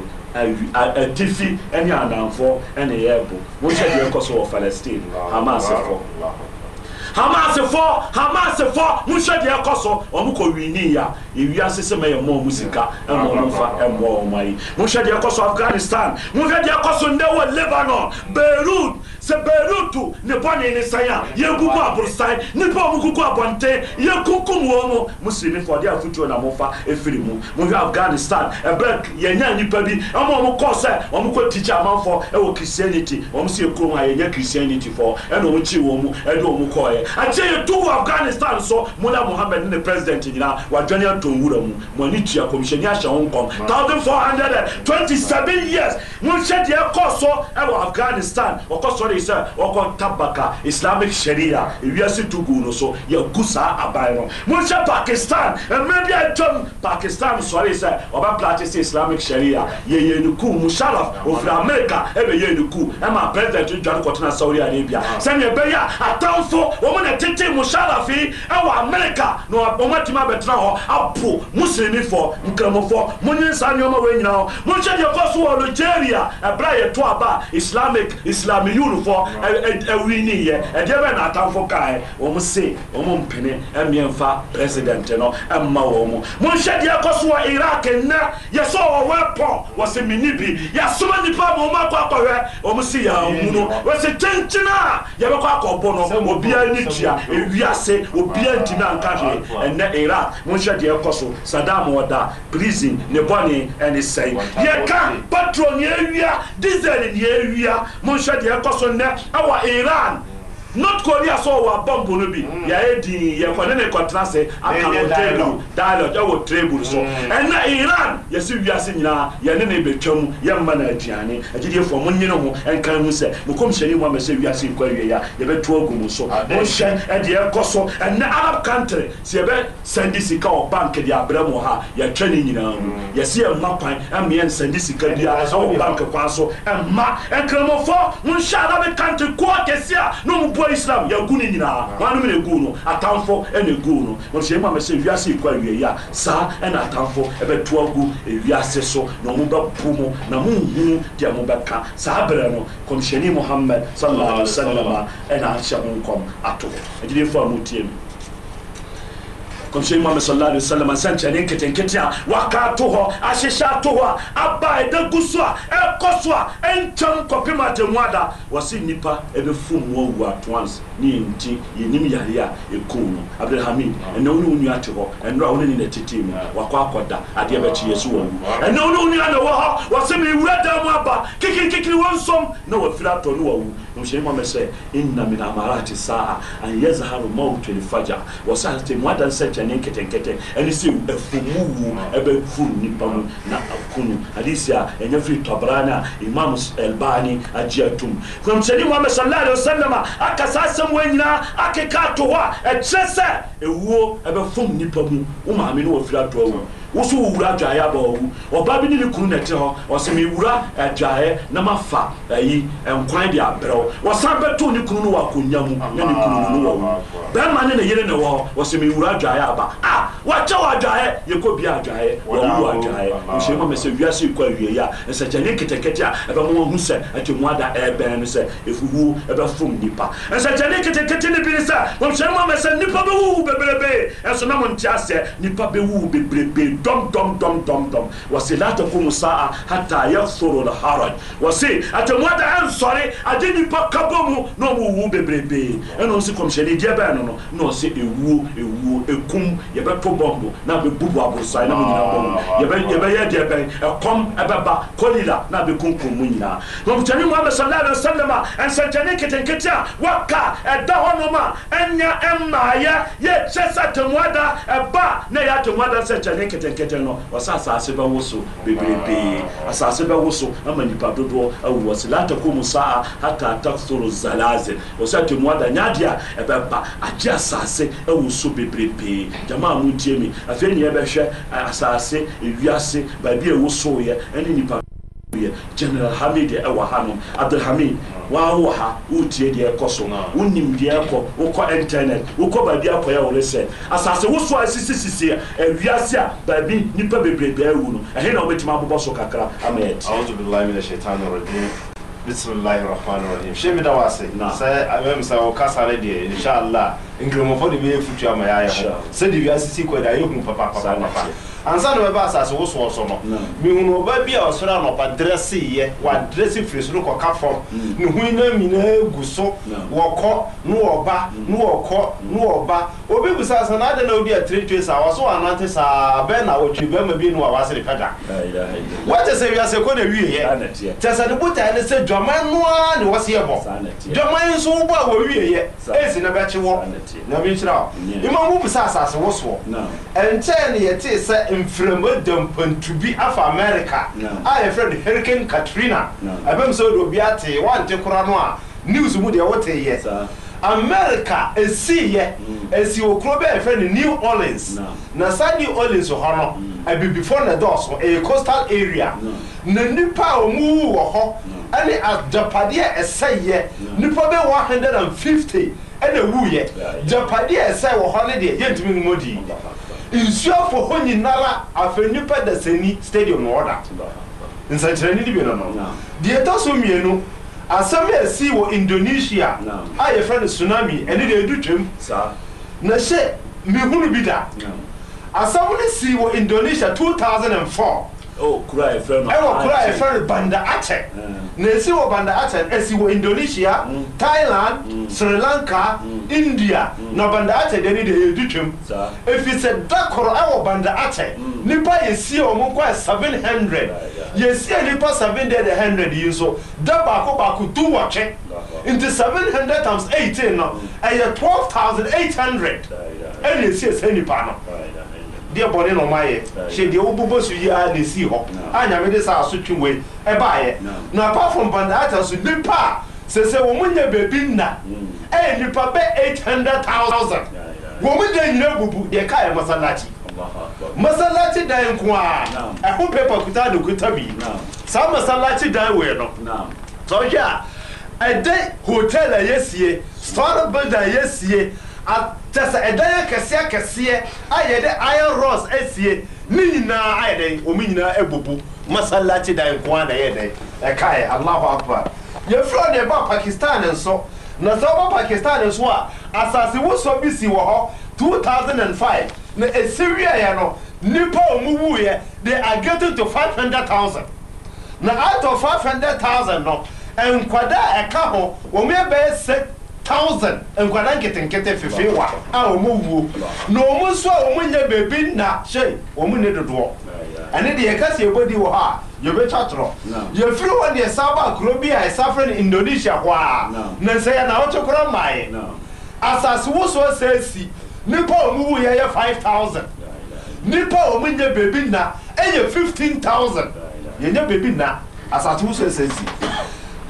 atifi ne anamfoɔ ne yɛrebo wohyɛ deɛ kɔ so wɔ palestine hamasfoɔ hamasfoɔ hamasfoɔ mohwɛ deɛ kɔ so ɔmo kɔ winii a ewiase sɛ mɛyɛ mɔɔ mu sika ɛma ɔmo fa ɛmɔ ɔmo ayi mohwɛ deɛ kɔ so afghanistan mohwɛ deɛ kɔ so ndɛ wɔ lebanon beirut sɛ tu ne bɔne ne san a yɛnkuku aborosan nipa a mukuku abɔnten yɛnkukum wɔn mo musulmi fɔ ɔde afutuo na mofa efiri mu mohwɛ afghanistan ɛbɛk yɛnya nipa bi ɛma ɔmo kɔɔ sɛ ɔmo kɔ tikya amanfɔ ɛwɔ christianity ɔmo si ekurom a yɛnya christianity fɔ ɛna ɔmo kyi wɔn mu ɛde ɔmo kɔɔ yɛ akyɛ yɛtu wɔ afghanistan so muna mohammed ne ne president nyinaa wadwane atɔn wura mu mo ani tua komisɛni ahyɛ ho nkɔm thousand four hundred and twenty seven years mo nhyɛ deɛ ɛkɔ so ɛwɔ afghanistan ɔkɔ sɔre ne sɛ wɔkɔnta baka islamic sharia ewiase tugu no so yɛgu saa aban no monhyɛ pakistan mmerɛ bi a atwam pakistan sɔre sɛ ɔbɛ practice islamic sharia yɛyɛ ne ku musharaf ofiri america ɛbɛyɛ ne ku ɛma president dwane kɔtena saudi arabia sɛneɛ ɛbɛyɛ a atamfo wɔn na tete musharaf yi ɛwɔ america na wɔn atumi abɛtena hɔ apo muslimifɔ nkramofɔ mo ne saa nneɛma wɔ nyinaa monhyɛ deɛ kɔ so wɔ nigeria ɛberɛ a yɛto aba islamic islami uniform atamfo awi e, e, e, ni yɛ ɛdeɛ bɛ na atamfo kaayɛ wɔn se wɔn mpene mmiɛnfa president no mma wɔn mu monhyɛ deɛ kɔ so wɔ iraq nnɛ yɛsɛ wɔ wɛpɔ wɔsɛ mini bi yɛasoma nipa ma wɔn akɔ akɔhwɛ wɔn se yɛahu no wɔsɛ kyenkyen a yɛbɛkɔ akɔbɔ no obiara ni tua ewiase obiara ntumi anka hwee ɛnɛ iraq monhyɛ deɛ kɔ so saddam wɔda prison ne bɔne ɛne sɛn yɛka patro ne awia diesel ne awia monhyɛ deɛ kɔ so na awa iran north korea sọ wa bọ́ǹbù ni bi yà é dín yẹ kọ́ ní ní kọ́ntínà sẹ́ akàwọ̀ tẹ́lù dialogue ẹ̀ wọ̀ tẹ́lù sọ ẹ̀nà iran yẹ si wiase nyinaa yẹ ní ní ya twẹ́mu yẹ mma náà aduane agyidie fọ mo nyere ho ẹnkan mu sẹ mo kọ́ mhyẹn mu amẹsẹ wiase nkọ́ awie ya yẹ bẹ tó agu mu mo hyẹn ẹdi ẹ kọ so ẹnna arab country si yẹ bẹ sẹndi sika wọ bank di abirẹ mu ha ya twẹ ni nyinaa mu yẹ si ẹ mma kwan ẹ mìíràn sika bi a ẹwọ bank eh, kwan so ẹ mma ẹnkramofo mo nhyẹ country kọ́ kẹsíà ní mo kwa islam ya ne nyinaa maa nom na ɛgu no atamfo ɛna gu no ɔhyɛ mu a mɛsɛ wiase ekɔ awieyi a saa ɛna atamfo ɛbɛto agu ewiase so na ɔmo bɛpo mu na mo nhu deɛ mo bɛka saa berɛ no kɔmhyɛni muhammed sallallahu alaihi wa sallam ɛna ahyɛ mo nkɔm ato agyilefo a mo tie mu comme cheikh mohammed sallallahu alaihi wasallam asan chanen keten ketia wakatuho ashishatuho abaye de guswa e koswa en cham kopima te mwada wasi nipa ebe fum wo wa twans ni nti yinim yare a ekunu abdulhamid ah. ene woni woni te ho enra woni ni netitim ah. wakwa akoda ade ebe ah. chi yesu wo ene woni woni ana wo ho wasi mi wura da mu aba kikin kikin wonsom na wafira to ni wawu msheikh imam say inna min amarati saa an yazharu mautul fajr wasahati mwadan sacha sɛne nkɛtɛnkɛtɛ ɛne sɛ afumu wu ɛbɛfu nnipa mu na akunu hadisi a ɛnya firi tɔbra no a imam elbani agye atom kɔmhyɛni mohamad sallallahu alaihi wasallam a aka saa asɛm wɔ nyinaa akeka ato hɔ a ɛkyerɛ sɛ ɛwuo ɛbɛfom nnipa mu wo maame no wafiri atoa wu woso wo wura adwaeɛ abaawu ɔbaa bi ne ne kunu nɛte hɔ ɔsɛ mewura adwaeɛ na mafa ayi nkwan de abrɛw ɔsan bɛtoo ne kunu no wɔ akonnwa mu na ne kunu no wɔ wu bɛrima ne ne yere ne wɔ hɔ ɔsɛ mewura adwaeɛ aba a wakyɛ wɔ adwaeɛ yɛkɔ bia adwaeɛ wɔwuru adwaeɛ nhyɛ ma mɛ sɛ wiase kɔ awie yi a nsɛkyɛnne nketekete a ɛbɛma wahu sɛ atwamu ada ɛbɛn no sɛ ɛfuwuo ɛbɛfom nnipa nsɛkyɛnne nketekete ne bi ne sɛ wɔmhyɛ ma mɛ sɛ nnipa bɛwuwu bebrebe ɛso na mo nte aseɛ nnipa bɛwuwu bebrebe dɔm dɔm dɔm dɔm dɔm wɔsi lati kum saa hata yɛ soro la haraj wɔsi atemuada ɛnsɔre agye nipa kabo mu na ɔmo wu bebrebe ɛna ɔsi kɔmhyɛni diɛ bɛyɛ no no na ɔsi ewuo ewuo ekum yɛbɛto bɔmbo na bɛ bubu aburusa na mo nyinaa bɔmbo yɛbɛ yɛbɛyɛ diɛ bɛyɛ ba ɛbɛba la na bɛ kunkun mu nyinaa lɔmutɛni muhammed sallallahu alaihi wa sallam a ɛnsɛnkyɛni ketenkete a waka ɛda hɔnom a ɛnya ɛmmaayɛ yɛ kyɛ sɛ atemuada ɛba na yɛ atemuada nsɛnkyɛni ketenkete nkɛntɛnkɛntɛn no wɔsɛ asase bɛwo so bebrebee asase bɛwo so ama nnipa dodoɔ awu se latakomu saa hata taksoro zalazil wɔ sɛ atemmuada nyaadeɛ a ɛbɛba agye asase awo so bebrebee gyama a montie mi afei neɛ bɛhwɛ asase ewiase baabi a ɛwo soeɛ ɛne nnipa general hamid ɛwɔ eh, ha no abdulhamid waa wɔ ha wotie deɛ ɛkɔ so ah. wonim deɛ ɛkɔ wokɔ internet wokɔ baabi akɔyɛ wore sɛ asase woso a ɛsisisisi awiase a baabi nipa bebrebe awu no
ɛhe na wobɛtumi abobɔ so kakra ama yɛti bisimilahi rahman rahim shi mi da wase sai amem sa o kasa ne de insha Allah ingirmo fo de bi futu ama ya ya sai di bi asisi ko da yehu papa papa papa ansa na bɛba asase wosoɔ so no mehunu ɔba bi a ɔsoro anɔpa drɛse yɛ wadrɛse firi so no kɔka fam ne ho ina nyinaa gu so wɔkɔ ne wɔba ne wɔkɔ ne wɔba obi busa sɛ na adɛn na wodi atiretwe saa wɔ so wɔanante saa bɛn na wɔtwe bɛrima bi no a wɔasere pɛda wɔte sɛ wiase kɔ na wieyɛ kyɛ sɛ ne botae ne sɛ dwaman no a ne wɔseɛ bɔ dwaman nso wobɔ a wɔwieyɛ ɛsi na bɛkye wɔ na menhyira wo ima wobusa asase wosoɔ ɛnkyɛn ne yɛtee sɛ mframa da mpantubi afa america a yɛfrɛ no hurricane katrina ɛbɛm sɛ wode obi ate woante kora no a news mu deɛ woteyɛ america ɛsiiyɛ ɛsi mm. wɔ kuro bɛɛ yɛfrɛ no new orleans na saa new orleans hɔ no abibifoɔ mm. na dɔɔso ɛyɛ coastal area na nnipa a ɔmuwu wɔ hɔ ɛne agyapadeɛ ɛsɛeɛ nnipa bɛyɛ 150 ɛna wuyɛ gyapadeɛ ɛsɛe wɔ hɔ no deɛ yɛntumi nomɔdii nsuafo hɔ nyinara afei nipa dasani stadium wɔda nsɛnkyerɛnne no bi no no deɛ ɛtɔ so mmienu asɛm a ɛsii wɔ indonesia a yɛfrɛ no tsunami ɛne deɛ ɛdu twam na hyɛ mehunu bi da asɛm no sii wɔ indonesia 2004
Oh, kura yɛ fɛn no ɛwɔ kura yɛ fɛn
banda atɛ eh. na esi wɔ banda atɛ esi wɔ indonesia mm. thailand mm. sri lanka mm. india na banda atɛ deɛ ni deɛ yɛ di twɛm efi sɛ dakoro ɛwɔ banda atɛ nipa yɛsi a wɔn kɔ yɛ seven hundred yɛsi a nipa seven hundred and hundred yi nso da baako baako tu wɔtwe nti seven hundred times eighteen no ɛyɛ twelve thousand eight hundred ɛna esi a sɛ nipa no deɛ bɔne na ɔmayɛ hyɛ deɛ wobobɔ so yi a na ɛsii hɔ a nyame de saa asotwe wei ɛbaeɛ na apart from bandaata so nnipa a sɛ sɛ wɔ mo nya baabi nna ɛyɛ nnipa bɛ 800000 wɔ mo nya nyina bubu deɛ ka yɛ masalakyi masallaci dan nko a ɛho pepa kuta ne kuta bi saa masallaci dan wei no sɛ wohwɛ a ɛde hotel a yɛsie store building a yɛsie kyɛ sɛ ɛdan akɛseɛ akɛseɛ ayɛ dɛ iron rods asie ne nyinaa ayɛ dɛ wɔn nyinaa abubu masalachi dan nko na ɛyɛ dɛ ɛkaeɛ allahu akbar yɛfrɛ deɛ ba pakistan nso na sɛ wɔba pakistan nso a asase wosɔ bi si wɔ hɔ 2005 na ɛsi wieɛ no nipa a wɔn wuiɛ they are getting to 500000 na out of 500000 no nkwadaa a ɛka ho wɔn yɛ bɛyɛ sɛ thousand nkwadaa nketenkete fefe wa a wɔn wuo na wɔn nso a wɔn nyɛ beebi na hyɛ wɔn ne dodoɔ ɛne deɛ yɛka si ebodi wɔ hɔ a yɛbɛtwa torɔ yɛfiri hɔ deɛ saba kuro bi a yɛsafrɛ no indonesia hɔ a na nsɛ yɛ na wɔtwe kora mmaa yɛ asase wosoɔ sɛ si nipa a wɔn wu yɛ yɛ five thousand nipa a wɔn nyɛ beebi na ɛyɛ fifteen thousand yɛnyɛ beebi na asase wosoɔ sɛ si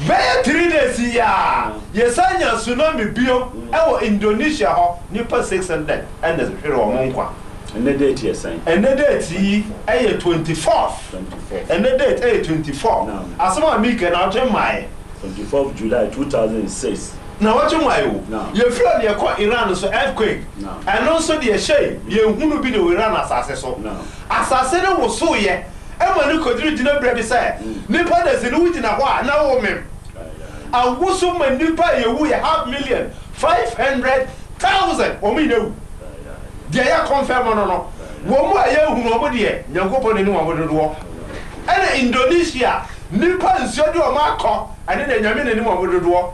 bɛyɛ three days yi a yɛsan nya tsunami bio ɛwɔ mm. indonesia hɔ nipa six hundred ɛna hwere wɔn nkwa ɛnɛ date yɛ sɛn ɛnɛ date yi ɛyɛ twenty fourth ɛnɛ date ɛyɛ twenty fourth. asɛm a mi kɛ na ɔtwe mmae twenty fourth july two thousand six na wɔtwe mmae o yɛfiri deɛ kɔ iran so earthquake ɛno nso deɛ hyɛ yɛnhunu bi de wɔ iran asase so asase no wosow yɛ ɛma ne kɔdiri gyina berɛ sɛ nipa dasi ne wogyina hɔ a na wo mem awoso ma nipa yɛwu yɛ half million five hundred thousand wɔn yi na wu deɛ yɛ confirm no no wɔn a yɛhunu wɔn deɛ nyankopɔn ne ne wɔn dodoɔ ɛna indonesia nipa nsuo de wɔn akɔ ɛne na nyame ne ne wɔn dodoɔ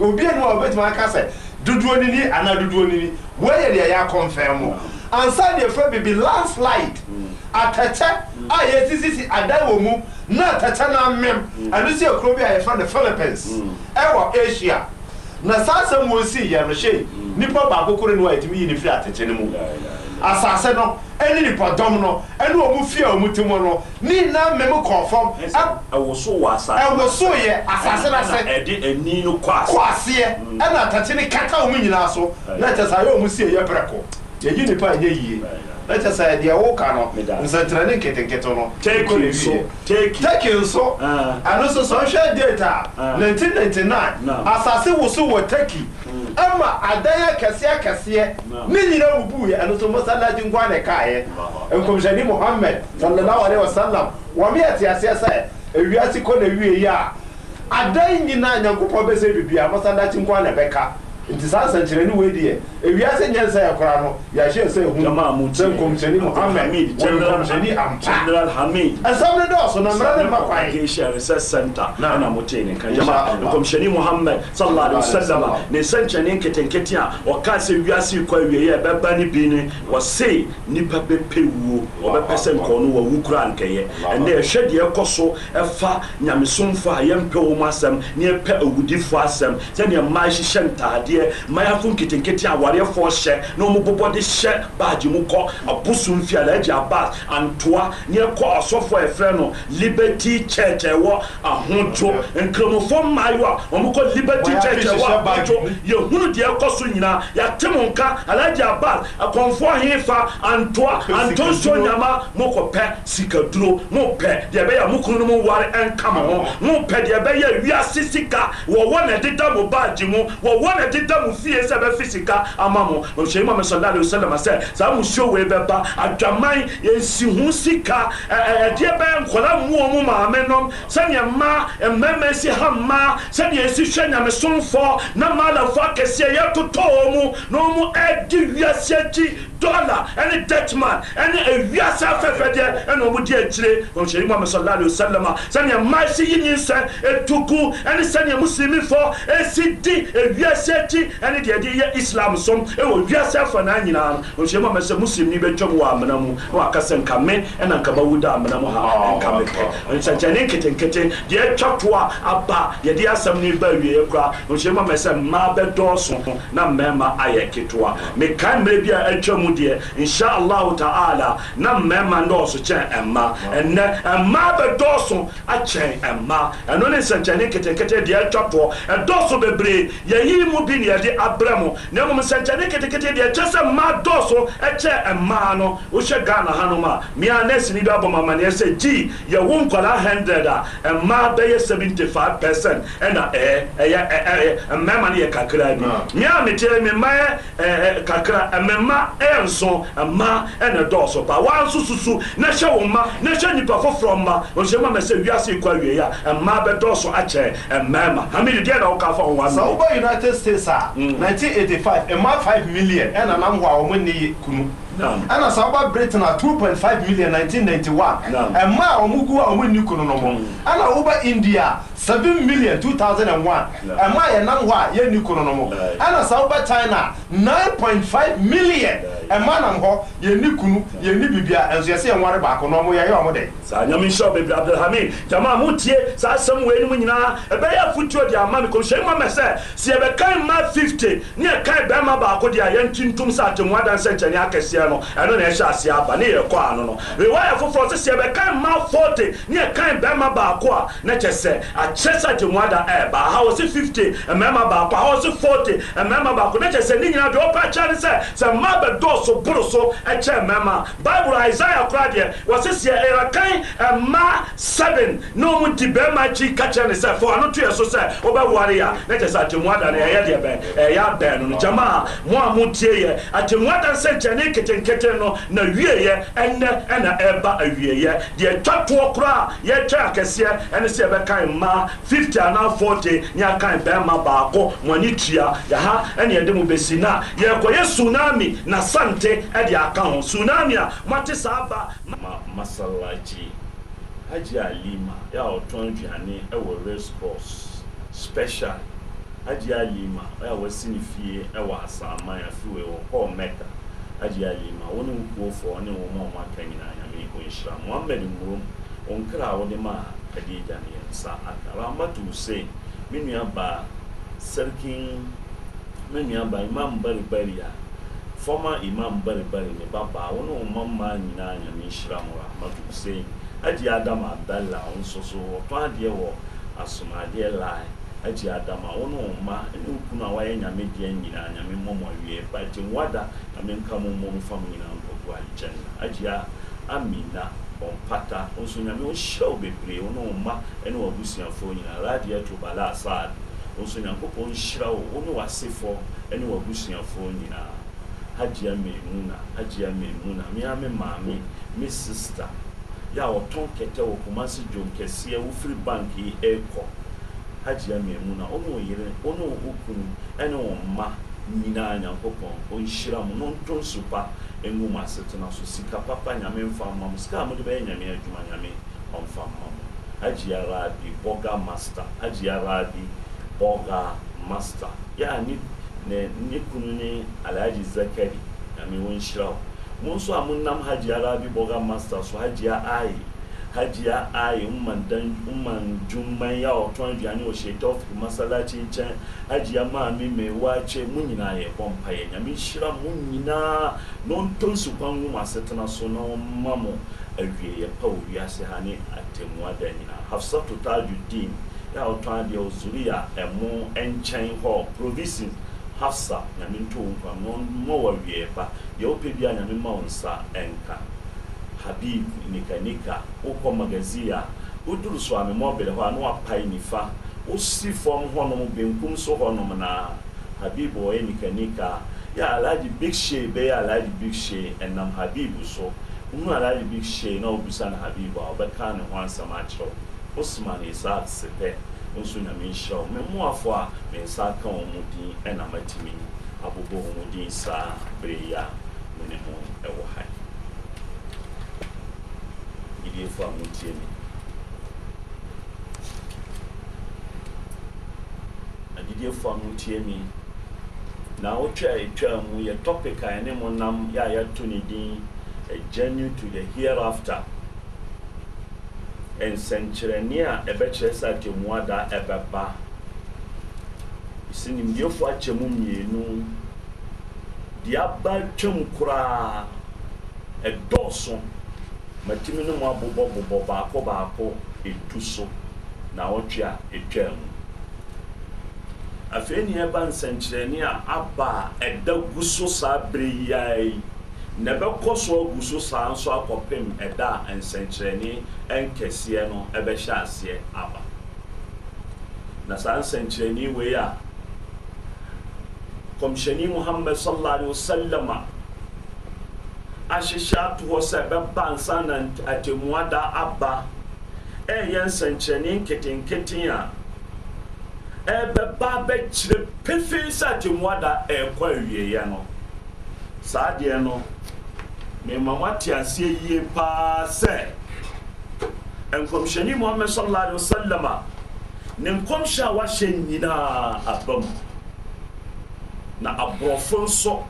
obi a ne wɔn bɛtuma aka sɛ dodoɔ nini anaa dodoɔ nini wɔyɛ deɛ yɛ confirm ansa deɛ fɛ bibi landslide. Mm atɛkyɛ mm. a yɛsisisi adan wɔ mu na atɛkyɛ no amem mm. ɛno si akuro bi a yɛfrɛ no philippines mm. ɛwɔ asia na saa asɛm wɔ sii yɛ no hyɛ nipa baako koro ne wa yɛtumi yi ne firi atɛkyɛ no mu asase no ɛne nipadɔm no ɛne wɔn fie a wɔn ti mu no ne nyinaa mɛmu kɔɔ fam ɛwoso wɔ asase ɛwoso yɛ asase na se
ɛde ɛni
no kɔ aseɛ kɔ aseɛ ɛna atɛkyɛ ne kata wɔn nyinaa so na kyɛ saa yɛ wɔn si yɛ yɛ brɛko yɛyi nipa yɛ yie na kyɛ sɛ deɛ woka no nsɛnkyerɛne ah. ah. nketenkete no turkey nso ɛno so sɛ ɔhwɛ data a 1999 asase woso wɔ turkey ama mm. adan akɛseɛ akɛseɛ ne nyina wubuuɛ ɛno so mosalaji nkoa ne kaeɛ nkɔmhyɛni mohammed sallallahu alaihi wasallam wɔmeyɛ teaseɛ sɛ ewiase kɔ na wie yi a adan nyinaa nyankopɔn bɛsɛ bibia mosalaji nkoa na bɛka nti saa nsɛnkyerɛni wei deɛ ewiase nyɛ nsa yɛ no yɛahyɛ nsa ehu sɛ nkɔmhyɛni muhammed wɔ nkɔmhyɛni ampa ɛsɛm
no dɔɔso na mmerɛ ne mma kwan research center ɛna motee ne nka gyama nkɔmhyɛni muhammed sallallahu alaihi wasallam ne nsɛnkyerɛni nketenkete a ɔka sɛ wiase kɔ awieɛ ɛbɛba ne bi ne wɔse nnipa bɛpɛ wuo wɔbɛpɛ sɛ nkɔɔ no wɔwu kora nkɛyɛ ɛnɛ ɛhwɛ deɛ ɛkɔ so ɛfa nyamesomfo a yɛmpɛ wo mu asɛm ne yɛpɛ awudifoɔ asɛm sɛneɛ adeɛ mayafo nketenkete a awareɛfoɔ hyɛ na wɔn bobɔ de hyɛ baage mu kɔ abosu mfi alagye abas antoa ne ɛkɔ asɔfoɔ a yɛfrɛ no liberty church ɛwɔ ahojo nkramofoɔ mmaayewa wɔn kɔ liberty church ɛwɔ ahojo yɛhunu deɛ ɛkɔ so nyinaa yɛate mo nka alagye abas akɔnfoɔ hefa antoa antonso nyama mo kɔ pɛ sikaduro mo pɛ deɛ ɛbɛyɛ mo kunu no mo ware ɛnkama ho mo pɛ deɛ ɛbɛyɛ wiase sika wɔwɔ na ɛdeda mo baage mu wɔwɔ na ɛdeda da mo fie sɛ bɛfi sika ama mo ɔhyɛ mu amesɔnda ale osɛlɛm sɛ saa mo suo wei bɛba adwaman yɛnsi ho sika ɛdeɛ bɛyɛ nkɔla mu wɔ mu maame nom sɛdeɛ mma mmarima si ha mmaa sɛdeɛ esi hwɛ nyamesomfoɔ na mmaa alafoɔ akɛseɛ yɛtotɔ wɔn mu na wɔn adi wiase akyi dɔla ɛne dutchman ɛne ewiase afɛfɛdeɛ ɛna wɔn di akyire ɔnhyɛni mu amasɔlá alayhi salam a sɛnea mmaasi yi nyinsɛn etuku ɛne sɛnea musulmifɔ esi di ewiase akyi ɛne deɛ de yɛ islam som ɛwɔ wiase afanan nyinaa ɔnhyɛni mu amasɛ musulmi bɛ twɛm wɔ amena mu na wakasɛ nkame ɛna nkama wu da amena mu ha nkame pɛ nsɛnkyɛnni nketenkete deɛ atwa to a aba deɛ de asɛm ne ba awie kora ɔnhyɛni mu amasɛ mmaa bɛ dɔɔso na mmarima ayɛ ketewa mekan mmerɛ bi a atwa mu mu deɛ insha allahu ta'ala na mmarima dɔɔso kyɛn ɛmma ɛnɛ ɛmma bɛdɔɔso akyɛn ɛmma ɛno ne nsɛnkyɛnne nketenkete deɛ atwa toɔ ɛdɔɔso bebree yɛyi mu bi ne yɛde abrɛ mu na mmom nsɛnkyɛnne nketenkete deɛ ɛkyɛ sɛ mma dɔɔso ɛkyɛ ɛmma no wohyɛ ghana hanom a mmea nɛsini bi abɔ mamaneɛ sɛ gyi yɛwo nkwadaa 100 a ɛmma bɛyɛ 75 percent ɛna ɛɛ ɛyɛ ɛɛ mmarima no yɛ kakra bi ah. mmea a meteɛ me mma yɛ ɛɛ kakra ɛmɛma ɛyɛ nson mmaa ɛna dɔɔso paa waa nso susu na hyɛ wo mma na hyɛ nipa foforɔ mma ɔhyɛ mma mɛ wiase kɔ awie a mmaa bɛdɔɔso akyɛ mmarima hamidi deɛ na woka fa
ho wa sɛ united states a 1985 mm. mma five million ɛna nam hɔ a wɔn nni kunu ɛna saa ɔba britain a 2.5 million 1991 ɛma a ɔmo gu a ɔmo nni kunu no mm. ɛna ɔba india 7 million 2001 ɛma a yɛnam hɔ a yɛnni kunu no mu ɛna saa ɔba china 9.5 million ɛma nam hɔ kunu bibia ɛnso baako na ɔmo yɛyɛ ɔmo de. saa nyame
nhyɛ bebree abdulhamid jama mo tie saa asɛm wei no mu ama ma mɛ sɛ sɛ no ɛno na ɛhyɛ aseɛ aba ne yɛ kɔ ano no rewaya foforɔ sɛ sɛ ma 40 ne yɛkan bɛrima baako a na kyɛ sɛ akyerɛ sɛ agyemuada ɛɛba ha wɔ se 50 mmarima baako ha wɔ se 40 mmarima baako na kyɛ sɛ ne nyinaa deɛ wɔpɛ akyɛ ne sɛ sɛ mmaa bɛdɔɔso boro so ɛkyɛ mmarima bible isaia koraa deɛ wɔ se sɛ yɛbɛkan 7 na ɔmu di bɛrima akyi ka kyerɛ ne sɛ fo ano to yɛ so sɛ wobɛware a na kyɛ sɛ agyemuada no ɛyɛ deɛ bɛn ɛyɛ abɛn no no gyama a mo a motie yɛ agyemuada nsɛnkyɛnne kete nketenkete no na wieɛ ɛnɛ ɛna ɛba awieɛ deɛ twa toɔ koraa yɛtwa akɛseɛ ɛne sɛ yɛbɛkan mmaa 50 anaa 40 ne akan bɛrima baako mo ani tua yɛha ɛne yɛde mu bɛsi na yɛkɔyɛ tsunami na sante ɛde aka ho tsunami a moate saa ba masalachi agye alima yɛ a ɔtɔn aduane ɛwɔ race special agye alima ɔyɛ a wɔasi ne fie ɛwɔ asaaman afei wɔ hɔ mɛka agye ayɛ ma wo ne wo kuofoɔ ne wo ma ɔma ka nyinaa nyame ho nhyira mohamad mmurom ɔnkra a wode ma kadija ne yɛ nsa aka rambato hussein me nua baa sarkin me nua baa imam baribari a former imam baribari ne babaa wo ne wo ma mmaa nyinaa nyame nhyira mo rahmato hussein agye adam abdallah wo nso so wɔtɔn adeɛ wɔ asomadeɛ line agye adama wo ne wo mma ne wo kunu a wayɛ nyame deɛ nyinaa nyame mmɔmmɔ awie ba gye nwada nyame nka mo mmɔ mfa mo nyinaa nkɔgu agyenna agyea amina ɔmpata nso nyame wohyɛ wo bebree wo ne wo mma ne wabusuafoɔ nyinaa radeɛ to bala asad nso nyankopɔn nhyira wo wo ne wasefoɔ ne wabusuafoɔ nyinaa hagyea maimuna hagyea maimuna mea me maame me sister yɛ a wɔtɔn kɛtɛ wɔ kumase dwom kɛseɛ wofiri bank yi ɛrekɔ hagyia mmienu na ɔne ɔyere ɔne ɔkunu ɛne wɔn mma nyinaa nyankopɔn ɔnhyira mu no nto nsopa ngu mu asetena so sika papa nyame mfa mma mu sika a mode bɛyɛ nyame adwuma nyame ɔmfa mma mu agyia raadi bɔga master agyia raadi bɔga master yɛa ne ne ne kunu ne alhaji zakari nyame wɔnhyira wo mo nso a monam hagyia raadi bɔga master so hagyia ayi hajiya ayi umman jumman ya otu aduane ɔhyɛ tɔfik masalakyi nkyɛn hajiya maame mmewakyɛ mu nyinaa yɛ bɔ mpaeɛ nyame nhyira mu nyinaa na ɔntɔ nsukwan mu asetena so na ɔma mo awieɛ pa wɔ wiase ha ne atemmuada nyinaa hafsatu tajudin ya ɔtɔ adeɛ ɔzuriya ɛmo nkyɛn hɔ provisions hafsa nyame nto wo nkwa na ɔma wɔ awieɛ pa deɛ wopɛ bi a nyame ma wo nsa ɛnka habib nikanika wokɔ magazi a woduru so amemmɔbere hɔ a na wapae nifa wosi fam hɔnom benkum so hɔnom na habib ɔyɛ nikanika yɛ alagye big shay bɛyɛ alagye big ɛnam habib so wohu alagye big na wobisa no habib a wɔbɛka ne ho asɛm akyerɛw wosoma ne isa ase pɛ nso nyame nhyira wo memmoafoɔ a me nsa ka wɔn mu din ɛna matumi abobɔ wɔn mu din saa bere yi a yie fo a motie me agyidiefoɔ a motie me na wotwa atwa mu yɛ topic a ɛne mo nam yɛ a yɛato ne din a journey to the hereafter nsɛnkyerɛnne a ɛbɛkyerɛ sɛ atemmuada ɛbɛba sɛ nimdiefoɔ akyɛ mu mmienu deɛ aba twam koraa ɛdɔɔso matumi no mu abobɔbobɔ baako baako edu so na ɔtwe a etwa mu afei nea ɛba nsɛnkyerɛnne a aba a ɛda gu so saa bere yi ara yi na ɛbɛkɔ so agu so saa nso akɔpem ɛda a nkɛseɛ no ɛbɛhyɛ aseɛ aba na saa nsɛnkyerɛnne wei a kɔmhyɛni muhammad sallallahu alaihi wa sallam a ahyehyɛ ato hɔ sɛ ɛbɛba nsa na atemmuada aba ɛyɛ nsɛnkyerɛnne nketenkete a ɛbɛba bɛkyerɛ pefee sɛ atemmuada ɛrekɔ awieeɛ no saa deɛ no mema moate aseɛ yie paa sɛ nkɔmhyɛni mohamad sallallahu alaihi wasallam a ne nkɔmhyɛ a wahyɛ nyinaa aba mu na aborɔfo nso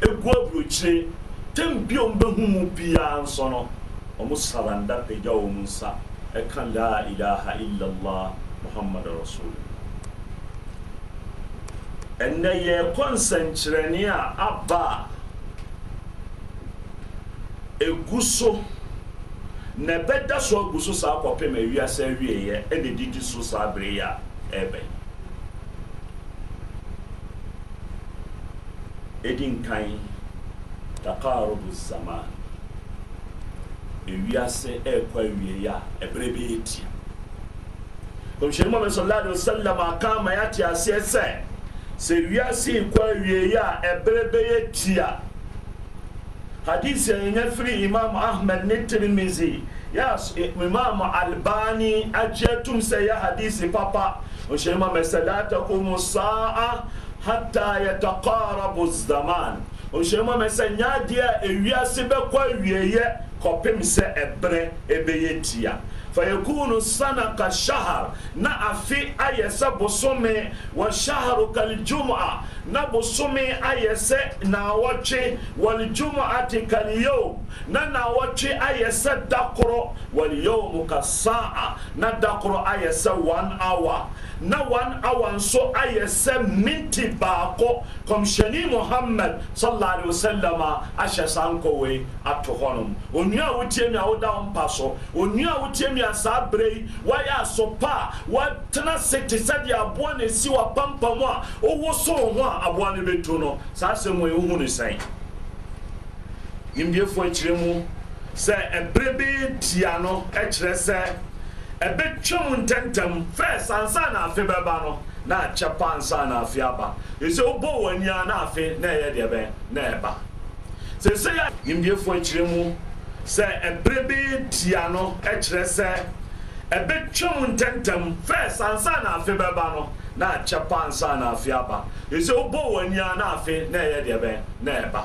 ɛgu aburokyire atɛm bi a ɔmbɛhu mu biara nso no ɔmo saranda pagya wɔ nsa ɛka e la ilaha illallah muhammad rasul ɛnɛ yɛrekɔ nsɛnkyerɛnne a aba a ɛgu so na ɛbɛda e so agu so saa kɔpem awiase awieeɛ ɛna didi so saa bere yi a ɛrebɛn e ɛdi nkan تقارب الزمان إياس إيكو إيويا إبريبيتيا كم شرم من صلى الله عليه وسلم أقام ياتي أسيسا سيياس إيكو إيويا إبريبيتيا حديث ينفري إمام أحمد نترمزي ياس إمام ألباني أجيتم سيا حديث بابا كم شرم من صلى الله عليه وسلم حتى يتقارب الزمان ɔhyɛnmu mi sɛ nyaadeɛ ewiase bɛkɔ awieɛ kɔpem sɛ ɛbrɛ ɛbɛyɛ tia fayakunu sana ka shahar na afi ayɛ sɛ bosome wa shaharu kaljuma na bosome ayɛ sɛ naawɔtwe waljumuati kalyom na naawɔtwe ayɛ sɛ da korɔ walyom kasaa na da korɔ ayɛ sɛ one hour na one hour nso ayɛ sɛ minti baako kɔmhyɛni muhammad sallallahu alaihi wasallam a ahyɛ saa nkɔwei ato hɔnom onua a wotie a woda mpa so onua a wotie mi a saa berɛ yi wayɛ asɔpa a woatena se sɛdeɛ aboa na ɛsi wapampam a wowo so ho a aboa no bɛto no saa asɛm wɔ yɛwohu no sɛn nimdiefoɔ akyirɛ mu sɛ ɛberɛ bi tia no ɛkyerɛ sɛ ɛbɛtwa mu ntɛntɛm fɛs ansa na afe bɛba na akyɛ pa ansa na afe aba ɛsɛ wobɔ wɔ ani a na afe na ɛyɛ deɛ bɛn na ɛba mu sɛ ɛberɛ bi tia no sɛ ɛbɛtwa mu ntɛntɛm fɛs ansa na afe bɛba na akyɛ pa nsa na afe aba ɛsɛ wobɔ w'ani a na afe na ɛyɛ deɛ bɛn na ɛba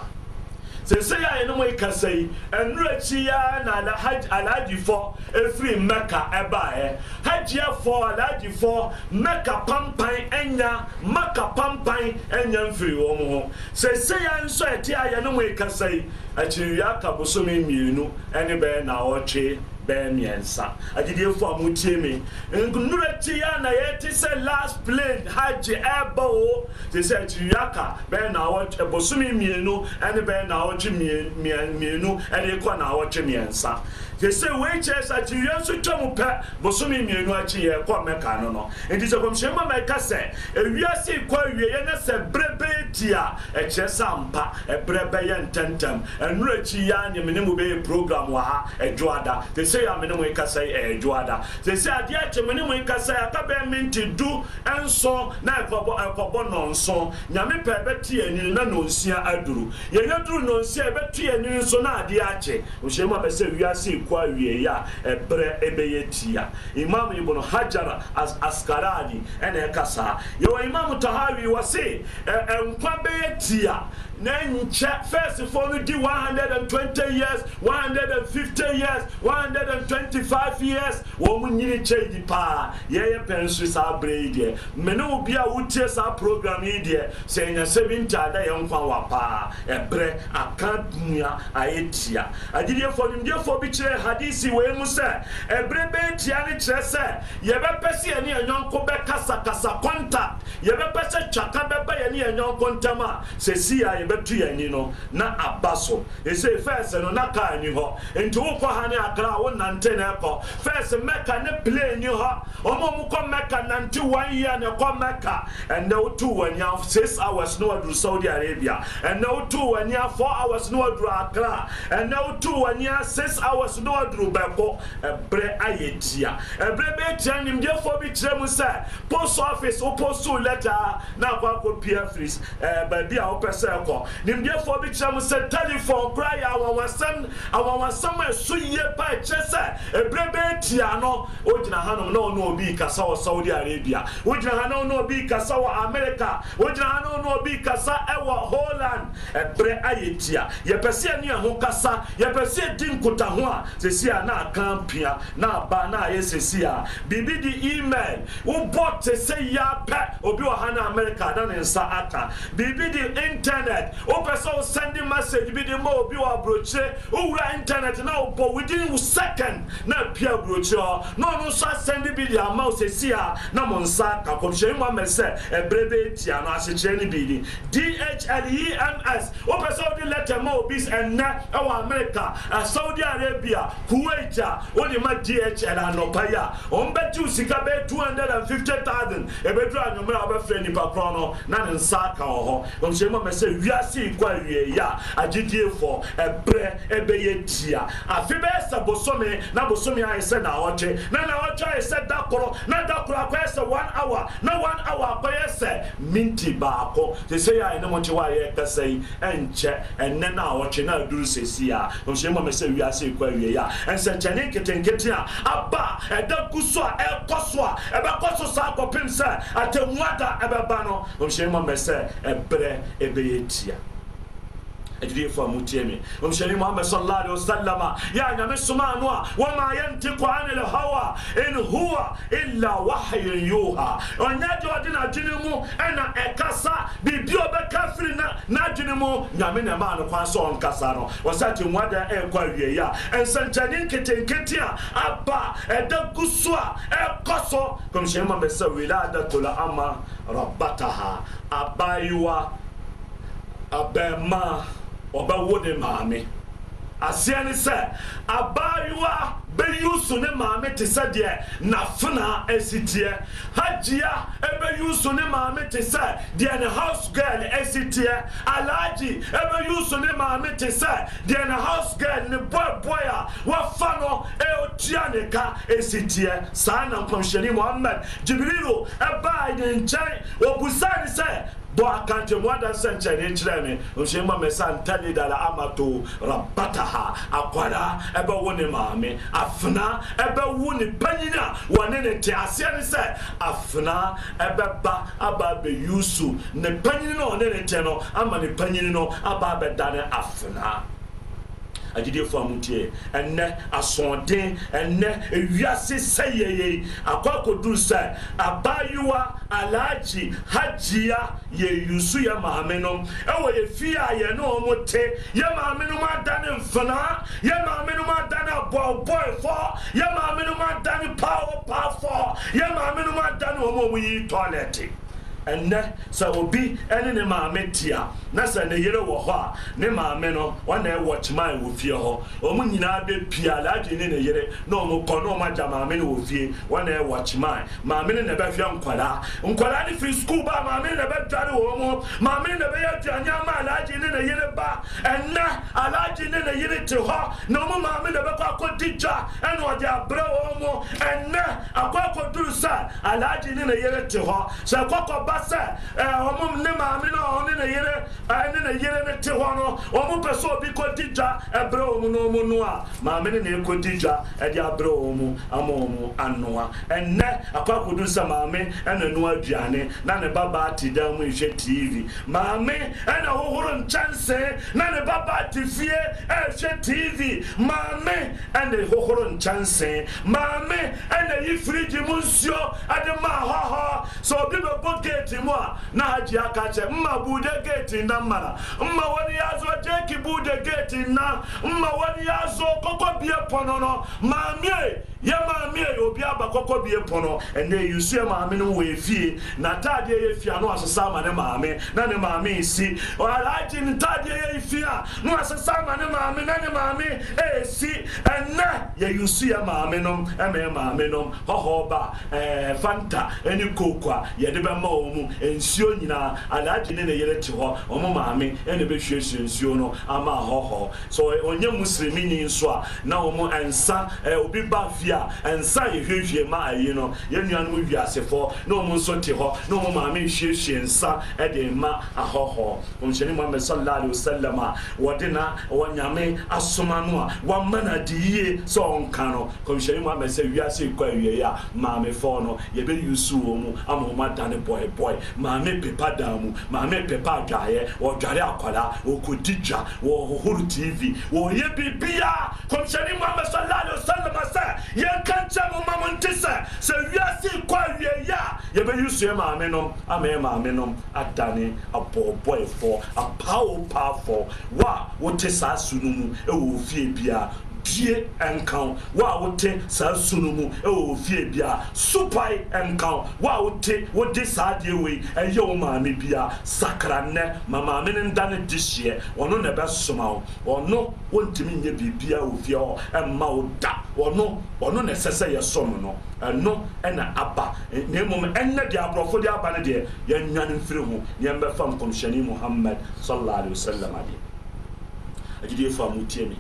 sesei a yɛnom yi kasa yi ɛnura akyi ya na alaadifɔ ɛfiri mɛka ɛbaeɛ e hagyeɛfɔ alaadifɔ mɛka pampan ɛnya e mɛka pampan ɛnya e mfiri wɔn ho sesei a nso ɛte a yɛnom mo kasa yi akyiriwie aka bosome mmienu ne bɛyɛ naawɔtwe bɛyɛ mmiɛnsa agyediefoɔ a motie me nnura ti a na yɛte sɛ last plane hagye ɛba o te sɛ akyiriwie aka bɛyɛ naawɔtwe bosome mmienu ne bɛyɛ naawɔtwe mmienu ne kɔ naawɔtwe mmiɛnsa yɛsɛ weikyɛ sɛ akyiwia nso twa mu pɛ bosome mmienu akyi yɛkɔ mɛka no no enti sɛ kɔmhyɛn mɛka sɛ ewiase kɔ awieɛ na sɛ berɛ bɛyɛ a ɛkyerɛ sɛ ampa ɛberɛ bɛyɛ ntɛntɛm ɛnura akyi yɛ a nyɛmene mu bɛyɛ program wɔ ha ɛdwoada te sɛ yɛ amene mu nkasa yɛ ɛdwoada te sɛ adeɛ akyɛmene mu nkasa yɛ aka bɛyɛ minti du nson na ɛkɔbɔ ɛkɔbɔ nɔnson nyame pɛ ɛbɛte yɛn nini na nonsia aduru yɛnyɛ duru nonsia ɛbɛte yɛn nso na adeɛ akyɛ kɔmhyɛn bɛ sɛ wiase kɔ kwa awieeɛ a ɛberɛ eh, ɛbɛyɛ tia imam ibn hajar as askarani ene kasa yo yɛwɔ imam tahawi wɔ se eh, eh, nkwa bɛyɛ tia na nkyɛ fɛsifoɔ no di one hundred and twenty years one hundred and fifty years one hundred and twenty five years wɔn mu nyini kyɛ yi paa yɛyɛ pɛn so saa abere yi deɛ mene wo a wotie saa program yi deɛ sɛ nya sɛ bi ntaada yɛ nkwa wa paa ɛbrɛ aka mua ayɛ tia agyidiefoɔ nimdiefoɔ bi kyerɛ hadisi wei mu sɛ ɛbrɛ bɛyɛ tia ne kyerɛ sɛ yɛbɛpɛ sɛ yɛne yɛn nyɔnko bɛkasakasa contact yɛbɛpɛ sɛ twaka bɛba yɛne yɛn nyɔnko ntɛm a sɛsi a yɛbɛ bɛtu yɛn ni no na aba so ɛsɛ fɛs no na kaa ni hɔ nti wokɔ ha ne akra wo nante na ɛkɔ fɛs mɛka ne plane ni hɔ ɔmo kɔ mɛka nante one year na ɛkɔ mɛka ɛnɛ wotu w'ani a six hours na waduru saudi arabia ɛnɛ wotu w'ani a four hours na waduru akra ɛnɛ wotu w'ani a six hours na waduru bɛko ɛbrɛ ayɛ tia ɛbrɛ bɛ tia nimdeɛfoɔ bi kyerɛ mu sɛ post office wo post letter na akɔ akɔ pia fris ɛɛ baabi a wopɛ sɛ ɛkɔ hɔ nimdeɛfoɔ bi kyerɛ mu sɛ telephone kora yɛ awawasɛm awawasɛm a ɛso yie pa ɛkyɛ sɛ ɛberɛ bɛyɛ tia no wogyina hanom na ɔne obi kasa wɔ saudi arabia wogyina ha na ɔne obi kasa wɔ america wogyina ha na ɔne obi kasa ɛwɔ holland ɛberɛ ayɛ tia yɛpɛ sɛ ɛne ɛho kasa yɛpɛ sɛ di nkotaho a sɛsi na aka mpia na aba na ayɛ sɛsi biribi de email wobɔ te sɛ yɛ apɛ obi wɔ ha no america na ne nsa aka biribi de internet internet wopɛ sɛ wo sending message bi de ma obi wɔ aburokyire wowura internet na wobɔ within wo second na apie aburokyire hɔ na ɔno nso asɛnde bi de ama wo sɛsi a na mo nsa ka kɔmhyɛni mu amɛ sɛ ɛberɛ bɛɛtia no ahyekyerɛ no biridi dhlems wopɛ sɛ wode letter ma obi ɛnnɛ ɛwɔ amerika saudi arabia kuwait a wode ma dhl anɔpa yi a ɔmbɛgye wo sika bɛyɛ 250000 ɛbɛduru anwommerɛ a wobɛfrɛ nnipa korɔ no na ne nsa ka wɔ hɔ kɔmhyɛni mu amɛ sɛ wiase kɔ awieeɛ a agyediefoɔ ɛberɛ ɛbɛyɛ tia afe bɛyɛ sɛ bosome na bosome ayɛ sɛ naawɔtwe na naawɔtwe ayɛ sɛ da korɔ na da korɔ akɔyɛ sɛ one hour na one hour akɔyɛ sɛ minti baako te sɛ yɛ a ɛne mokye wɔ a yɛkasa yi ɛnkyɛ ɛnɛ na awɔtwe na aduru sɛsi a ɔhyɛ mmɔmɛ sɛ wiase kɔ awieeɛ a ɛnsɛnkyɛne nketenkete a aba ɛda gu e so a ɛkɔ so a ɛbɛkɔ so saa kɔpem sɛ atammuada ɛbɛba no ɔhyɛ mmɔmɛ sɛ ɛberɛ ɛbɛyɛ tia ahyia agyidiefo a motie me ɔmhyɛne mohamad sala alei wasalama yɛ nyame soma no a wama yɛntiko ane lhawa in huwa illa wahyin yoha ɔnyɛ de ɔde n'adwene mu ɛna ɛkasa biribi ɔbɛka na n'adwene mu nyame ne maa no kwan sɛ ɔnkasa no wɔsɛte nwada ɛɛkɔ awieyi a ɛnsɛnkyɛne nketenkete a aba ɛda gu so a ɛkɔ so kɔmhyɛne mohamad sɛ wiladatul ama rabataha abayewa abɛɛmaa ɔbɛwo ne maame aseɛ ne sɛ abaayewa bɛyusu ne maame te sɛ deɛ n'afena esi teɛ hagyia ebɛyusu ne maame te sɛ deɛ ne house girl esi teɛ alaaji ne maame te sɛ deɛ ne house girl ne bɔɛbɔɛ a wafa no eotua ne ka esi teɛ saa na nkɔmhyɛni muhammed jibirilu ɛbaa ne nkyɛn obusa ne sɛ dɔ akantɛmua da sɛnkyɛnne kyerɛ me nhyɛ ma me sa ntani dala amato rabataha akwara ɛbɛwo ne maame afena ɛbɛwo ne panyin a wɔne ne te aseɛ ne sɛ afena ɛbɛba aba abɛyusu ne panyin no a ɔne ne te no ama ne panyin no aba abɛda ne afena agyidiefo a mutie ɛnɛ asɔɔden ɛnɛ ewiase sɛyɛyɛ akɔ akɔduru sɛ abaayewa alaagye hagyia yɛ yusu yɛ maame no ɛwɔ efi a yɛne wɔn te yɛ maame no adane mfana yɛ maame no adane abɔɔbɔɔfɔ yɛ maame no adane paawɔpaafɔ yɛ maame no adane wɔn a wɔyi tɔɔlɛte ɛnɛ sɛ obi ɛne ne maame tia na sɛ ne yere wɔ hɔ a ne maame no ɔna ɛwɔ kyemaa wɔ fie hɔ wɔn nyinaa bɛ pii alaagye ne ne yere na wɔn kɔ na wɔn agya maame no wɔ fie ɔna ɛwɔ kyemaa maame no na ɛbɛhwɛ nkwadaa nkwadaa no firi sukuu ba maame no na ɛbɛdware wɔn ho maame no na ɛbɛyɛ aduane ama alaagye ne ne yere ba ɛnɛ alaagye ne ne yere te hɔ na wɔn maame na ɛbɛkɔ akɔdi dwa ɛna ɔde abrɛ wɔn ho ɛnɛ akɔ akɔduru sɛ alaagye ne ne yere te hɔ sɛ kɔkɔ ba sɛ ɛɛ wɔn ne maame no a ne ne yere ɛne ne yere ne te hɔ no wɔn pɛ sɛ obi kɔdi dwa ɛbrɛ wɔn no mu no a maame ne ne kɔdi dwa ɛde abrɛ wɔn mu ama wɔn anoa ɛnɛ akɔakodu sɛ maame ɛna nua aduane na ne babaa te dan mu nhwɛ tv maame ɛna hohoro nkyɛnse na ne babaa te fie ɛhwɛ tv maame ɛna hohoro nkyɛnse maame ɛna yi firiji mu nsuo ɛde ma ahɔhɔ sɛ obi bɛbɔ geeti mu a na agye aka kyɛ mma buude geeti nam. nan mma wani ya zo je ki bude gate na mma wani ya zo koko biye ponono mamie yɛ maame a obi aba kɔkɔ bie pono ɛnɛ yusu yɛ maame no wɔ efie na taadeɛ yɛ fia no asesa ama ne maame na ne maame esi ɔalaagye ne taadeɛ yɛ fia no asesa ama ne maame na ne maame esi ɛnɛ yɛ yusu yɛ maame nom ɛma yɛ maame nom hɔhɔba ɛɛ fanta ɛne kooko a yɛde bɛma wɔn mu nsuo nyinaa alaagye ne ne yɛrɛ te hɔ wɔn maame ɛna ebɛhwiehwie nsuo no ama ahɔhɔ so ɔnyɛ muslimini nso a na wɔn nsa ɛɛ obi ba fie a ɛnsa yɛhwehwie ma ayi no yɛn nuanom wiasefo na ɔmo nso te hɔ na ɔmo maame nhyiahyia nsa ɛde ma ahɔhɔ ɔnhyɛne muhammed sallallahu alaihi wasallam a wɔde na wɔnyame asoma no a wɔama no ade yie sɛ ɔnka no kɔmhyɛne muhammed sɛ wiase kɔ awiei a maamefoɔ no yɛbɛyusu wɔ mu ama ɔmo adane bɔebɔe maame pepa dan mu maame pepa adwaeɛ wɔdware akwadaa wɔkɔdi dwa wɔhohoro tv wɔyɛ biribia kɔmhyɛne muhammed sallallahu alaihi wasallam sɛ yɛnka nkyɛ mo ma mo nte sɛ sɛ wiase kɔ awieyi a yɛbɛyi sue maame nom ama yɛ maame nom adane abɔɔbɔefoɔ apaawopaafɔ e wo a wote saa su no mu ɛwɔ ofie biara tie nkan wo a wote saa su no mu ɛwɔ ofie bia supae nkan wo a wote wode saa adeɛ wei ɛyɛ wo maame bia sakra nnɛ ma maame ne nda ne de hyeɛ ɔno na ɛbɛsoma wo ɔno wontumi nyɛ biribia wɔ fie hɔ ɛmma wo da ɔno ɔno na ɛsɛ sɛ yɛsom no ɛno ɛna aba e, na mmom ɛnɛ deɛ aborɔfo de aba no deɛ yɛnwane mfiri ho na yɛmbɛfa nkɔmhyɛne muhammad sallallahu alaihi wasallam adeɛ agyidiefo a motie me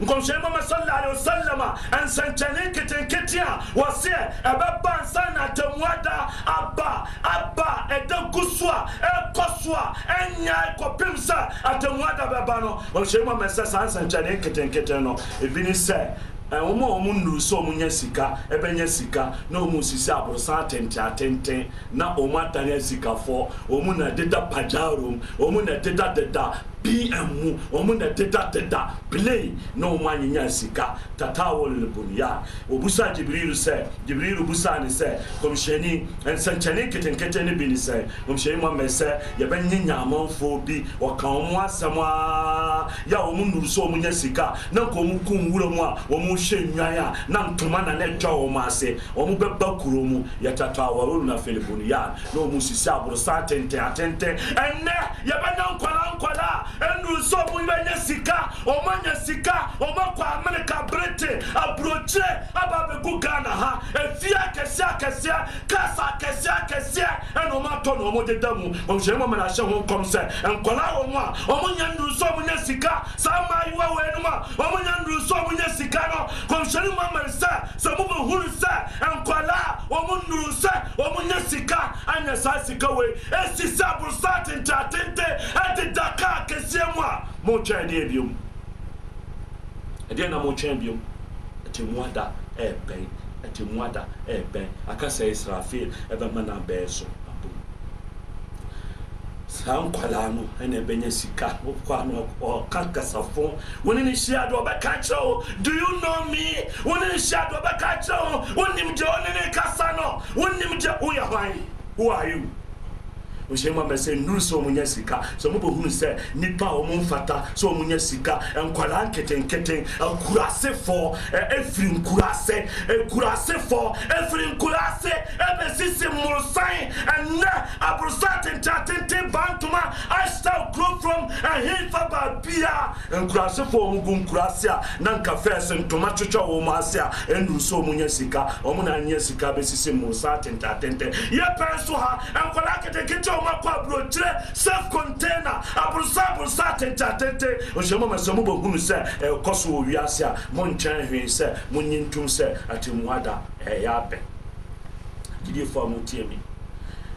nkɔmhyɛne mama sala ale wasalama nsɛnkyɛne nketenkete a wɔseɛ ɛbɛba nsa na atamua da aba aba ɛda gu so a ɛkɔ so a ɛnya kɔpem sɛ atamua da bɛba no nkɔmhyɛne mama sɛ saa nsɛnkyɛne nketenkete no ebi ne sɛ wɔn a wɔn nnuru sɛ wɔn nya sika ɛbɛnya sika na wɔn sisi aborosan atenten atenten na wɔn atane asikafoɔ wɔn na deda pagyaaro wɔn na deda deda bm wɔn na dedadeda play na wɔn anyanya sika tata wɔlele bonya obusa jibiriru sɛ jibiriru busa ne sɛ kɔmhyɛni nsɛnkyɛni nketenkete ne bi ne sɛ kɔmhyɛni mohammed sɛ yɛbɛnye nyamanfoɔ bi wɔka wɔn asɛm a yɛ a wɔn nuru sɛ wɔn nya sika na nka wɔn kum wura mu a wɔn hyɛ nnwan a na ntoma na ne twa wɔn ase wɔn bɛba kuro mu yɛ tata wɔlele na fele bonya na wɔn sisi aborosan atenten atenten ɛnɛ yɛbɛnya nkwalaa nkwalaa ɛnu nsɔ mu bɛnya sika ɔmanya sika ɔmakɔ amerika britain aburokyire aba abɛgu ghana ha efie akɛseɛ akɛseɛ kasa akɛseɛ akɛseɛ ɛna ɔmatɔ na ɔmɔdeda mu ɔmhyɛn mu amana ahyɛ ho nkɔm sɛ nkɔla wɔ mu a ɔmanya nu nsɔ sika saa mmaayewa w'anuma wɔmanya nduru so ɔmonyɛ sika no kɔmhyɛne mamane sɛ sɛ mobɛhunu sɛ nkɔlaa wɔmo nduru sɛ wɔmonyɛ sika anyɛ saa sika wei ɛsi sɛ aborosa atenteatente ɛdeda kaa kɛseɛ mu a motwɛn deɛ biom ɛdeɛ na motwɛn biom ɛtemu ada ɛɛbɛn ɛtemu ada ɛɛbɛn aka israfil ɛbɛma no abɛɛ so saa nkwadaa no ɛna ɛbɛnya sika wokɔ ano ɔka kasafo wone ne hyia de ɔbɛka kyerɛ wo do you know me wone ne hyia de ɔbɛka kyerɛ wo wonim gye wone ne kasa no wonim gye woyɛ hwan who are you ɔhyɛn mu abɛsɛ nnuru sɛ ɔmo nya sika sɛ ɔmo bɛhunu sɛ nipa a ɔmo mfata sɛ ɔmo sika nkwadaa nketenketen nkurasefoɔ efiri nkurase nkurasefoɔ efiri nkurase ebesisi e, murusan ɛnɛ aburusa tentententen bantoma ashton kurofrom ɛhinfa e, baabia nkurasefoɔ ɔmo gu nkurase a na nkafɛ sɛ ntoma twitwa wɔn ase a nnuru sɛ ɔmo sika ɔmo na nya sika besisi murusan tentententen yɛ pɛn so ha nkwadaa nketenketen wɔmakɔ aburokyerɛ self container aborosaaborosa atɛnteatɛnte ɔhyɛmu ma sɛ mobɛhunu sɛ ɛkɔ eh, so wɔ wiase a monkyɛn hwee sɛ monyi ntom sɛ atemmuada ɛyɛ eh, abɛn gyidiefoɔ a motie mi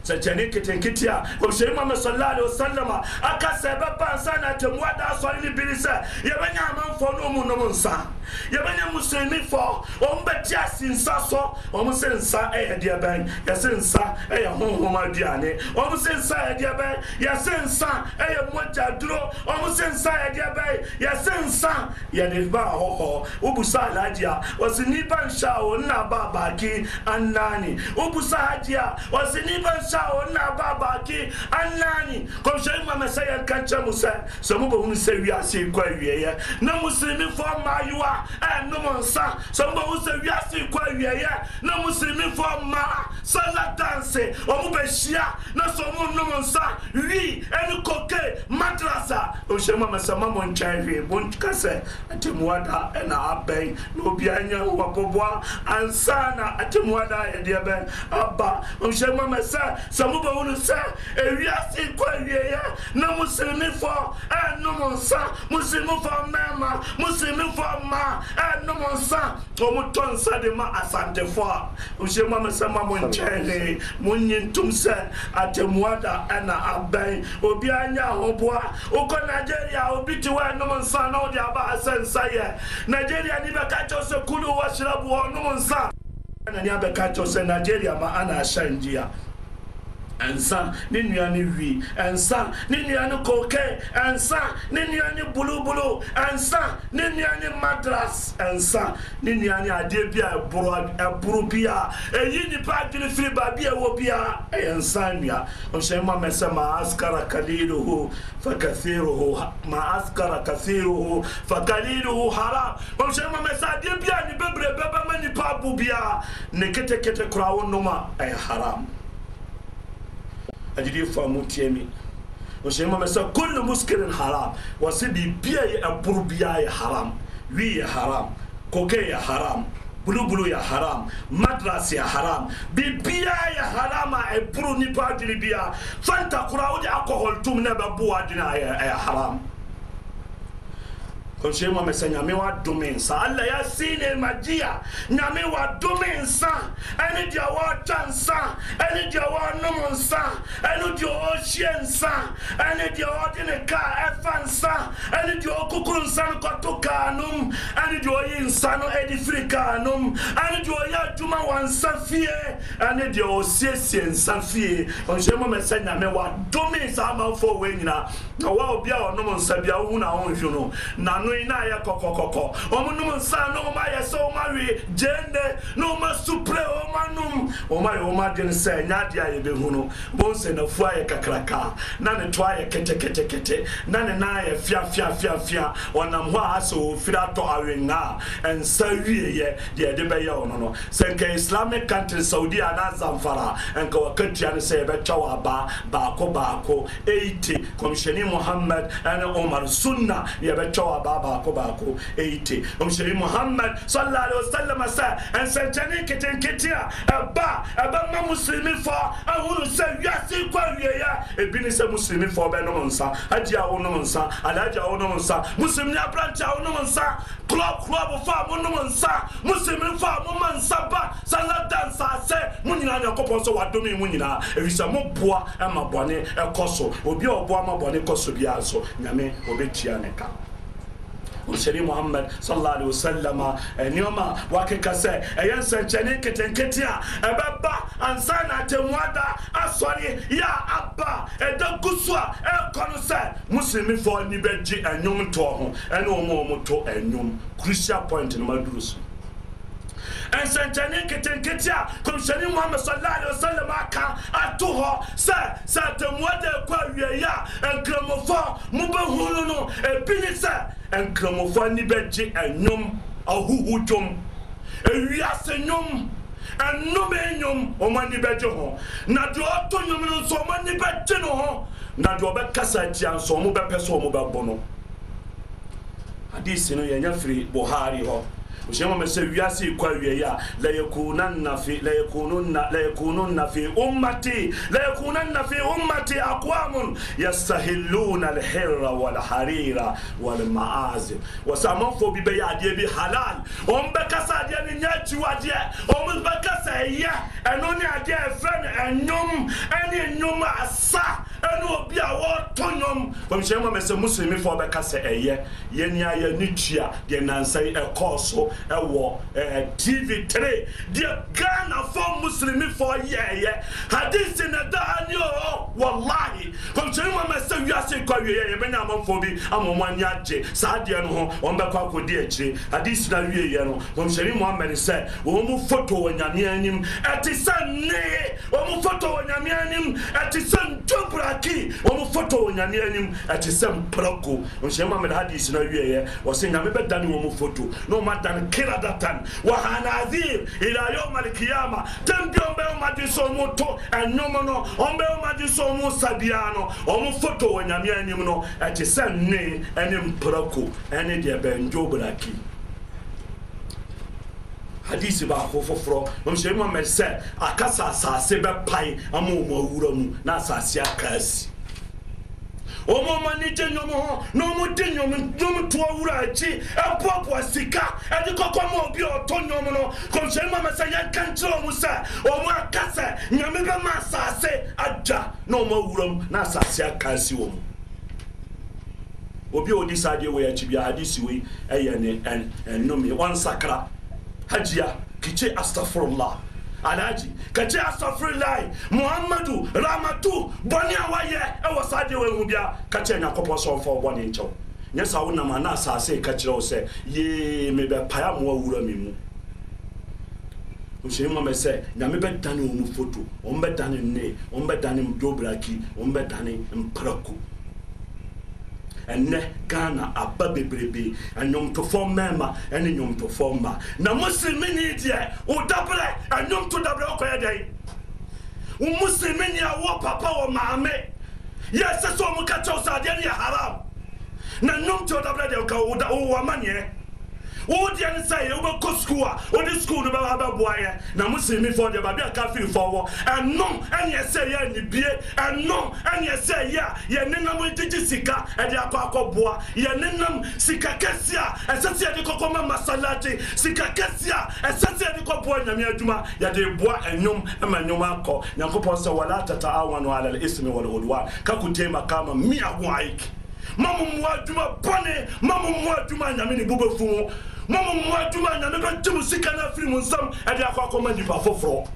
sɛkyɛne nketenkete a ɔhyɛni mama sɔla ale wasalama aka sɛ ɛbɛba nsa na atemmuada asɔre ne biri sɛ yɛbɛnya amanfoɔ no ɔmu nom nsa yɛbɛnya musulmifoɔ ɔm bɛti asi nsa so ɔm se nsa ɛyɛ deɛ bɛn yɛse nsa ɛyɛ honhom aduane ɔm se nsa yɛ deɛ bɛn yɛse nsa ɛyɛ mogya duro ɔm se nsa yɛ deɛ bɛn yɛse nsa yɛde ba ahɔhɔ wobusa alagye a ɔse nnipa nhyɛ a wo nna baabaaki annani wobusa hagye a ɔse nnipa nhyɛ sa o na ba ba ki anani ko se ma ma se yan kan che musa so mu bo hu se wi ase kwa wi ye na muslimi fo ma yuwa e no mo nsa so mu bo hu se wi ase kwa wi ye na muslimi fo ma sala dance o mu be shia na so mu no mo nsa wi eni koke matrasa o se ma ma se e ma mo ncha wi bo nka se atimuada e na abei na obi e anya wa boboa ansa na atimuada ye de be aba o se ma ma se sɛ mobɛhunu sɛ ewiase kɔ awieɛ na musilimifoɔ ɛnom nsa musilimifoɔ mmarima musilimifoɔ mmaa ɛnom nsa wɔmotɔ nsa de ma asantefoɔ a wohyɛ ma me sɛ ma mo nkyɛne monyi ntom sɛ atemmuada ɛna abɛn obiara nyɛ ahoboa wokɔ nigeria obi te woɛnom nsa na wode abaa sɛ nsa yɛ nigeria ni bɛka kyɛw sɛ kulu wɔhyerɛ bo ɔnom nsa ɛnani abɛka kyɛw sɛ nigeria ma ana ahyɛ ngyia ɛnsa ne nua ne wi ɛnsa ne nua ne koke ɛnsa ne nua ne bulubulu ɛnsa ne nua ne madras ɛnsa ne nua ne adeɛ bi a ɛboro bi a ɛyi nipa adwene firi baabi a ɛwɔ bia ɛyɛ nsa nua ɔhyɛ ma mɛ sɛ ma askara kaliluhu fakathiruhu ma askara kathiruhu fa kaliluhu haram ɔhyɛ ma mɛ sɛ adeɛ bi a ne bebrebe bɛma nipa abo bia ne ketekete koraa wo nom a ɛyɛ haram agyedeɛ fa mu tie me ɔhyɛ mma me sɛ kullu muskirin haram wɔ sɛ biribia yɛ ɛboro biara yɛ haram wi yɛ haram koke yɛ haram bulubulu yɛ haram madras yɛ haram biribia yɛ haram a ɛboro nipa adwene bia fanta koraa wode alcohol Tum na ɛbɛboa adwene a ɛyɛ haram kɔnhyɛ mu amɛsɛ nyame wadome nsa ala yɛasi ne magia nyame wadome nsa ɛne deɛ wɔtwa nsa ɛne deɛ wɔnom nsa ɛne deɛ ɔhyie nsa ɛne deɛ ɔde ne kaa ɛfa nsa ɛne deɛ ɔkukuru nsa no kɔto kaa nom ɛne deɛ ɔyi nsa no ɛde firi kaa nom ɛne deɛ ɔyɛ adwuma wɔ nsa fie ɛne deɛ ɔsiesie nsa fie kɔnhyɛ mu amɛsɛ nyame wadome nsa amanfoɔ wɔ nyinaa na wɔa obi a ɔnom nsa bia wohu na wɔnhwe no na ano yi na ayɛ kɔkɔkɔkɔ wɔn nom nsa na wɔn ayɛ sɛ wɔn awie gyeende na wɔn asupre wɔn anum wɔn ayɛ wɔn adwene sɛ nya adeɛ a yɛbɛhu no wɔn nsɛ nafu ayɛ kakraka na ne to ayɛ kɛtɛkɛtɛkɛtɛ na ne nan ayɛ fiafiafiafia wɔnam hɔ a asɛ ofiri atɔ awenga a nsa wieɛ deɛ yɛde bɛyɛ wɔn no sɛ nka islamic country saudi anaa zamfara nka wɔkatua no sɛ yɛbɛtwa wɔ aba baako baako 80 kɔmhyɛni muhammad ɛne omar sunna yɛbɛtwa wɔ aba baako baako 80 ɔmhyɛni muhammad sallallahu alaihi wasallam sɛ nsɛnkyɛnne nketenkete a ɛba ɛbɛma musulmifoɔ ahunu sɛ wiase kɔ awieɛ ebi ne sɛ musulmifoɔ bɛnom nsa agye a wonom nsa alagye a wonom nsa musulmini aberante a wonom nsa kurɔkurɔbofo a monom nsa musulmifoɔ a moma nsa ba sala da nsaase mo nyinaa nyankopɔn sɛ wadome mu nyinaa ɛfisɛ moboa ma bɔne ɛkɔ so obi a ɔboa ma bɔne kɔ so biara so nyame wɔbɛtua ne ka ɔmhyɛne muhammad sallallahu alaihi wasallam a eh, nneɛma wakeka eh, sɛ ɛyɛ nsɛnkyɛne nketenkete a ɛbɛba eh, ansa na atemmuada asɔre yɛ aba ɛda gu so a ɛkɔ no sɛ muslimifoɔ ni bɛgye ɛnwom toɔ ho ɛne ɔma ɔmo to ɛnwom crucial point no maduru so ɛnsɛnkyɛnne nketenkete a kɔmhyɛne muhammad sallallahu alaihi wasallam aka ato hɔ sɛ sɛ atamua da ɛkɔ awieyi a nkramofoɔ mobɛhunu no ebi ne sɛ nkramofoɔ ani bɛgye ɛnwom ahuhu dwom ewiase nwom ɛnome nwom ɔmo ani bɛgye ho na deɛ ɔto nwom no nso ɔmo ani bɛgye no ho na deɛ ɔbɛkasa akyia nso ɔmo bɛpɛ sɛ ɔmo bɛbɔ no hadisi no yɛnya firi buhari hɔ shema sewiyasi kwa wiya la yakunanna fi la yakununna la yakununna fi ummati la yakunanna fi ummati aqwamun yastahilluna alhirra wal harira wal maazib bi be bi halal on be kasa die ni nyachi wadie on be kasa ye eno ni ade enyum ene nyum asa ene obi a wo tonyum fo shema mese muslimi fo be kasa eye ye ni aye de nansa e ɛwɔ ɛɛ tv three deɛ ghana fɔ musulmi fɔ yɛɛyɛ hadisi na daa ni o walahi kɔmsɛn mu ma sɛ wiase kɔ wiye yɛ bɛ nyɛ amanfo bi ama wɔn ani agye saa deɛ no ho wɔn bɛ kɔ akɔdi akyire hadisi na wiye yɛ no kɔmsɛn mu amɛri sɛ wɔn mu foto wɔ nyameɛ anim ɛti sɛ nee wɔn foto wɔ nyame anim ɛte sɛ ntobraki wɔn foto wɔ nyame anim ɛte sɛ mprako nhyɛn mu amina hadis na wieɛ wɔsi nyame bɛ dani wɔn foto na wɔn adani kira datan wahanazir ilayɔ malikiyama tɛn bi wɔn bɛ wɔn adi sɔn mu to ɛnum no wɔn bɛ wɔn adi sɔn mu sabia no wɔn foto wɔ nyame anim no ɛte sɛ nne ɛne mprako ɛne deɛ bɛn ntobraki hadisi baako foforɔ ɔmhyɛni muhammed sɛ akasa asase bɛpae ama wɔn awura mu na asase aka asi wɔn a wɔn gye nnwom ho na wɔn de nnwom nnwom to awura akyi ɛboaboa sika ɛde kɔkɔ ma obi a ɔtɔ nnwom no kɔmhyɛni muhammed sɛ yɛnka nkyerɛ wɔn sɛ wɔn aka sɛ nyame bɛma asase agya na wɔn awura mu na asase aka asi wɔn obi a odi saa adeɛ wɔ akyi bi a hadisi wei ɛyɛ ne ɛnum wɔn nsakra. hajiya ki ce astaghfirullah alhaji ka ce astaghfirullah muhammadu ramatu bɔne a wayɛ ɛwɔ saa deɛ wɔahu bia ka kyerɛ nyankopɔn sɛ ɔmfa wɔbɔne nkyɛw nyɛ saa wonam a na asase ka kyerɛ wo sɛ yee mebɛpae amoa wura me mu nhyɛn mu amɛ sɛ nyame bɛdane wo mu foto dani nne ɔmbɛdane bɛ dani mprako ɛnɛ ghana aba bebrebe ɛnwomtofoɔ mmarima ɛne nnwomtofoɔ ma na musilmini deɛ wo dabrɛ ɛnwomto dabrɛ wokɔyɛ dɛn wo muslimini a wɔ papa wɔ maame yɛ sɛ sɛ ɔmo ka kyɛw sɛ adeɛ no yɛ haram na wo dabrɛ deɛ wowɔ amaneɛ wodeɛ ne sɛ yɛ wobɛkɔ sukuu a wode sukuu no bɛba bɛboa yɛ na muslimifoɔ deɛ baabi a kafirifoɔ wɔ ɛno ɛneɛ sɛ yɛ anibie ɛno ɛneɛ sɛ yɛ a yɛne gyegye sika ɛde akɔ akɔboa yɛne nam sika kɛse e a ɛsɛ sɛ yɛde kɔkɔ masalate sika kɛse e a ɛsɛ sɛ yɛde kɔboa nyame adwuma yɛde boa ɛnwom e ma nwom akɔ nyankopɔn sɛ wala tataawano ala lismi walodwan kakotei makama miaho aik mamu mua juma bɔne mamu mua juma nyame ne bo bɛ funu mamu mua juma nyame bɛ gye mo sika no afiri mo nsam ɛde akɔ akɔma nnipa foforɔ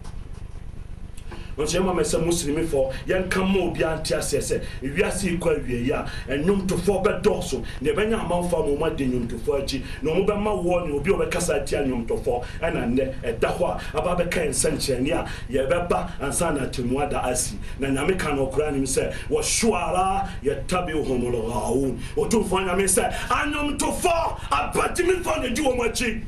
nso yɛma mɛ sɛ muslimifoɔ yɛnka ma obiara nte aseɛ sɛ ewiase yi kɔ awie yi a ɛnwomtofoɔ bɛdɔɔso na ɛbɛnya amanfoɔ a ma wɔn adi nnwomtofoɔ akyi na wɔn bɛma wɔn ne obi a wɔbɛkasa atia nnwomtofoɔ ɛna nnɛ ɛda hɔ a aba bɛka nsɛnkyerɛnne a yɛbɛba ansa na atemmu ada asi na nyame ka no ɔkora anim sɛ wɔsoara yɛtabihom lghaon ɔtomfoɔ nyame sɛ anwomtofoɔ abatimifoɔ na di wɔn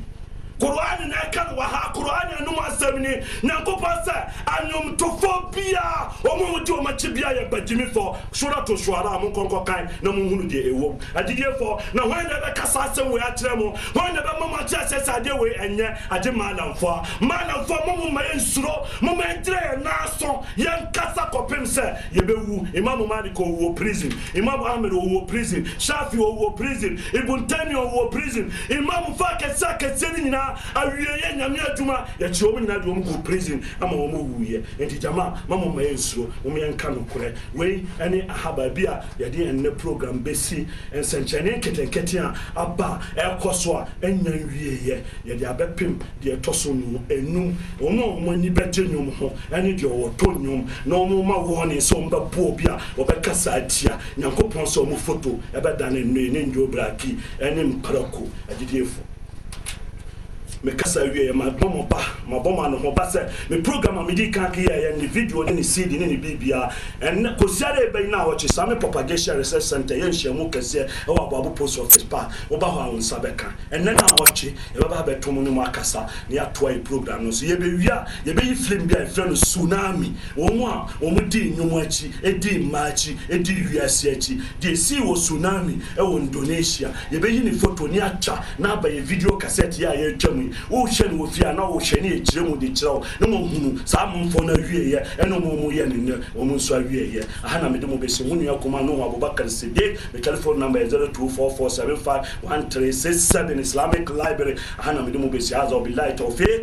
kur'ani na ɛka no wɔ ha kur'ani anom asɛm ni nyankopɔn sɛ anwomtofoɔ bia ɔmo mo di ɔmo akyi bia yɛ bagyimifoɔ sora to soara a monkɔnkɔ kan na monhunu deɛ ɛwɔ m agyidiɛfoɔ na hwan na ɛbɛka saa asɛm wei akyerɛ mo hwan na ɛbɛma mo akyerɛ sɛ adeɛ wei ɛnyɛ agye maalamfoɔ a maalamfoɔ mo mo ma yɛ nsuro mo ma ɛnkyerɛ yɛ naa so yɛnkasa kɔpem sɛ yɛbɛwu imam malik ɔwɔ prison imam ahmed ɔwɔ prison shafi ɔwɔ prison ibn tami prison imam fa akɛseakɛseɛ no nyinaa adwuma awieɛ nyame adwuma yɛkyerɛ wɔm nyina de wɔm gu prison ama wɔm wuyɛ enti gyama ma mo ma yɛnsuo wɔm yɛnka nokorɛ wei ne ahaba bi a yɛde ɛnnɛ program bɛsi nsɛnkyɛnne nketenkete a aba ɛkɔ so a ɛnya nwieɛ yɛde abɛpem deɛ ɛtɔ so ɛnum wɔn a wɔn ani bɛgye nnwom ho ne deɛ wɔtɔ nnwom na wɔn ma wɔne sɛ wɔn bɛbɔ bi a wɔbɛkasa atia nyankopɔn sɛ wɔn foto ɛbɛda ne nnoe ne ndwobraki ne mparako agyediefoɔ mekasa wieɛ mabɔ mo ba mabɔ mo ano ho ba sɛ me program a medi kan keyɛyɛ ne video ne ne cd ne ne biribia ɛnɛ kɔsia dɛ ɛbɛyi no a wɔkye saa me propagation research center yɛnhyiamu kɛseɛ ɛwɔ aboabo post office pa woba hɔ a wo nsa bɛka ɛnɛ no a wɔkye yɛbɛba bɛtom no mu akasa na yɛatoa yɛ program no so yɛbɛwia yɛbɛyi film bi a yɛfrɛ no tsunami wɔ mu a wɔ mu dii nnwom akyi ɛdii mmaa akyi ɛdii wiase akyi deɛ sii wɔ tsunami ɛwɔ indonesia yɛbɛyi ne photo ne atwa na aba video cassette yɛ a yɛatwa mu wohyɛ no wɔ fie mu de kyerɛ ne saa ne nso aha na no abubakar telephone number 0244751367 islamic library aha na tawfiq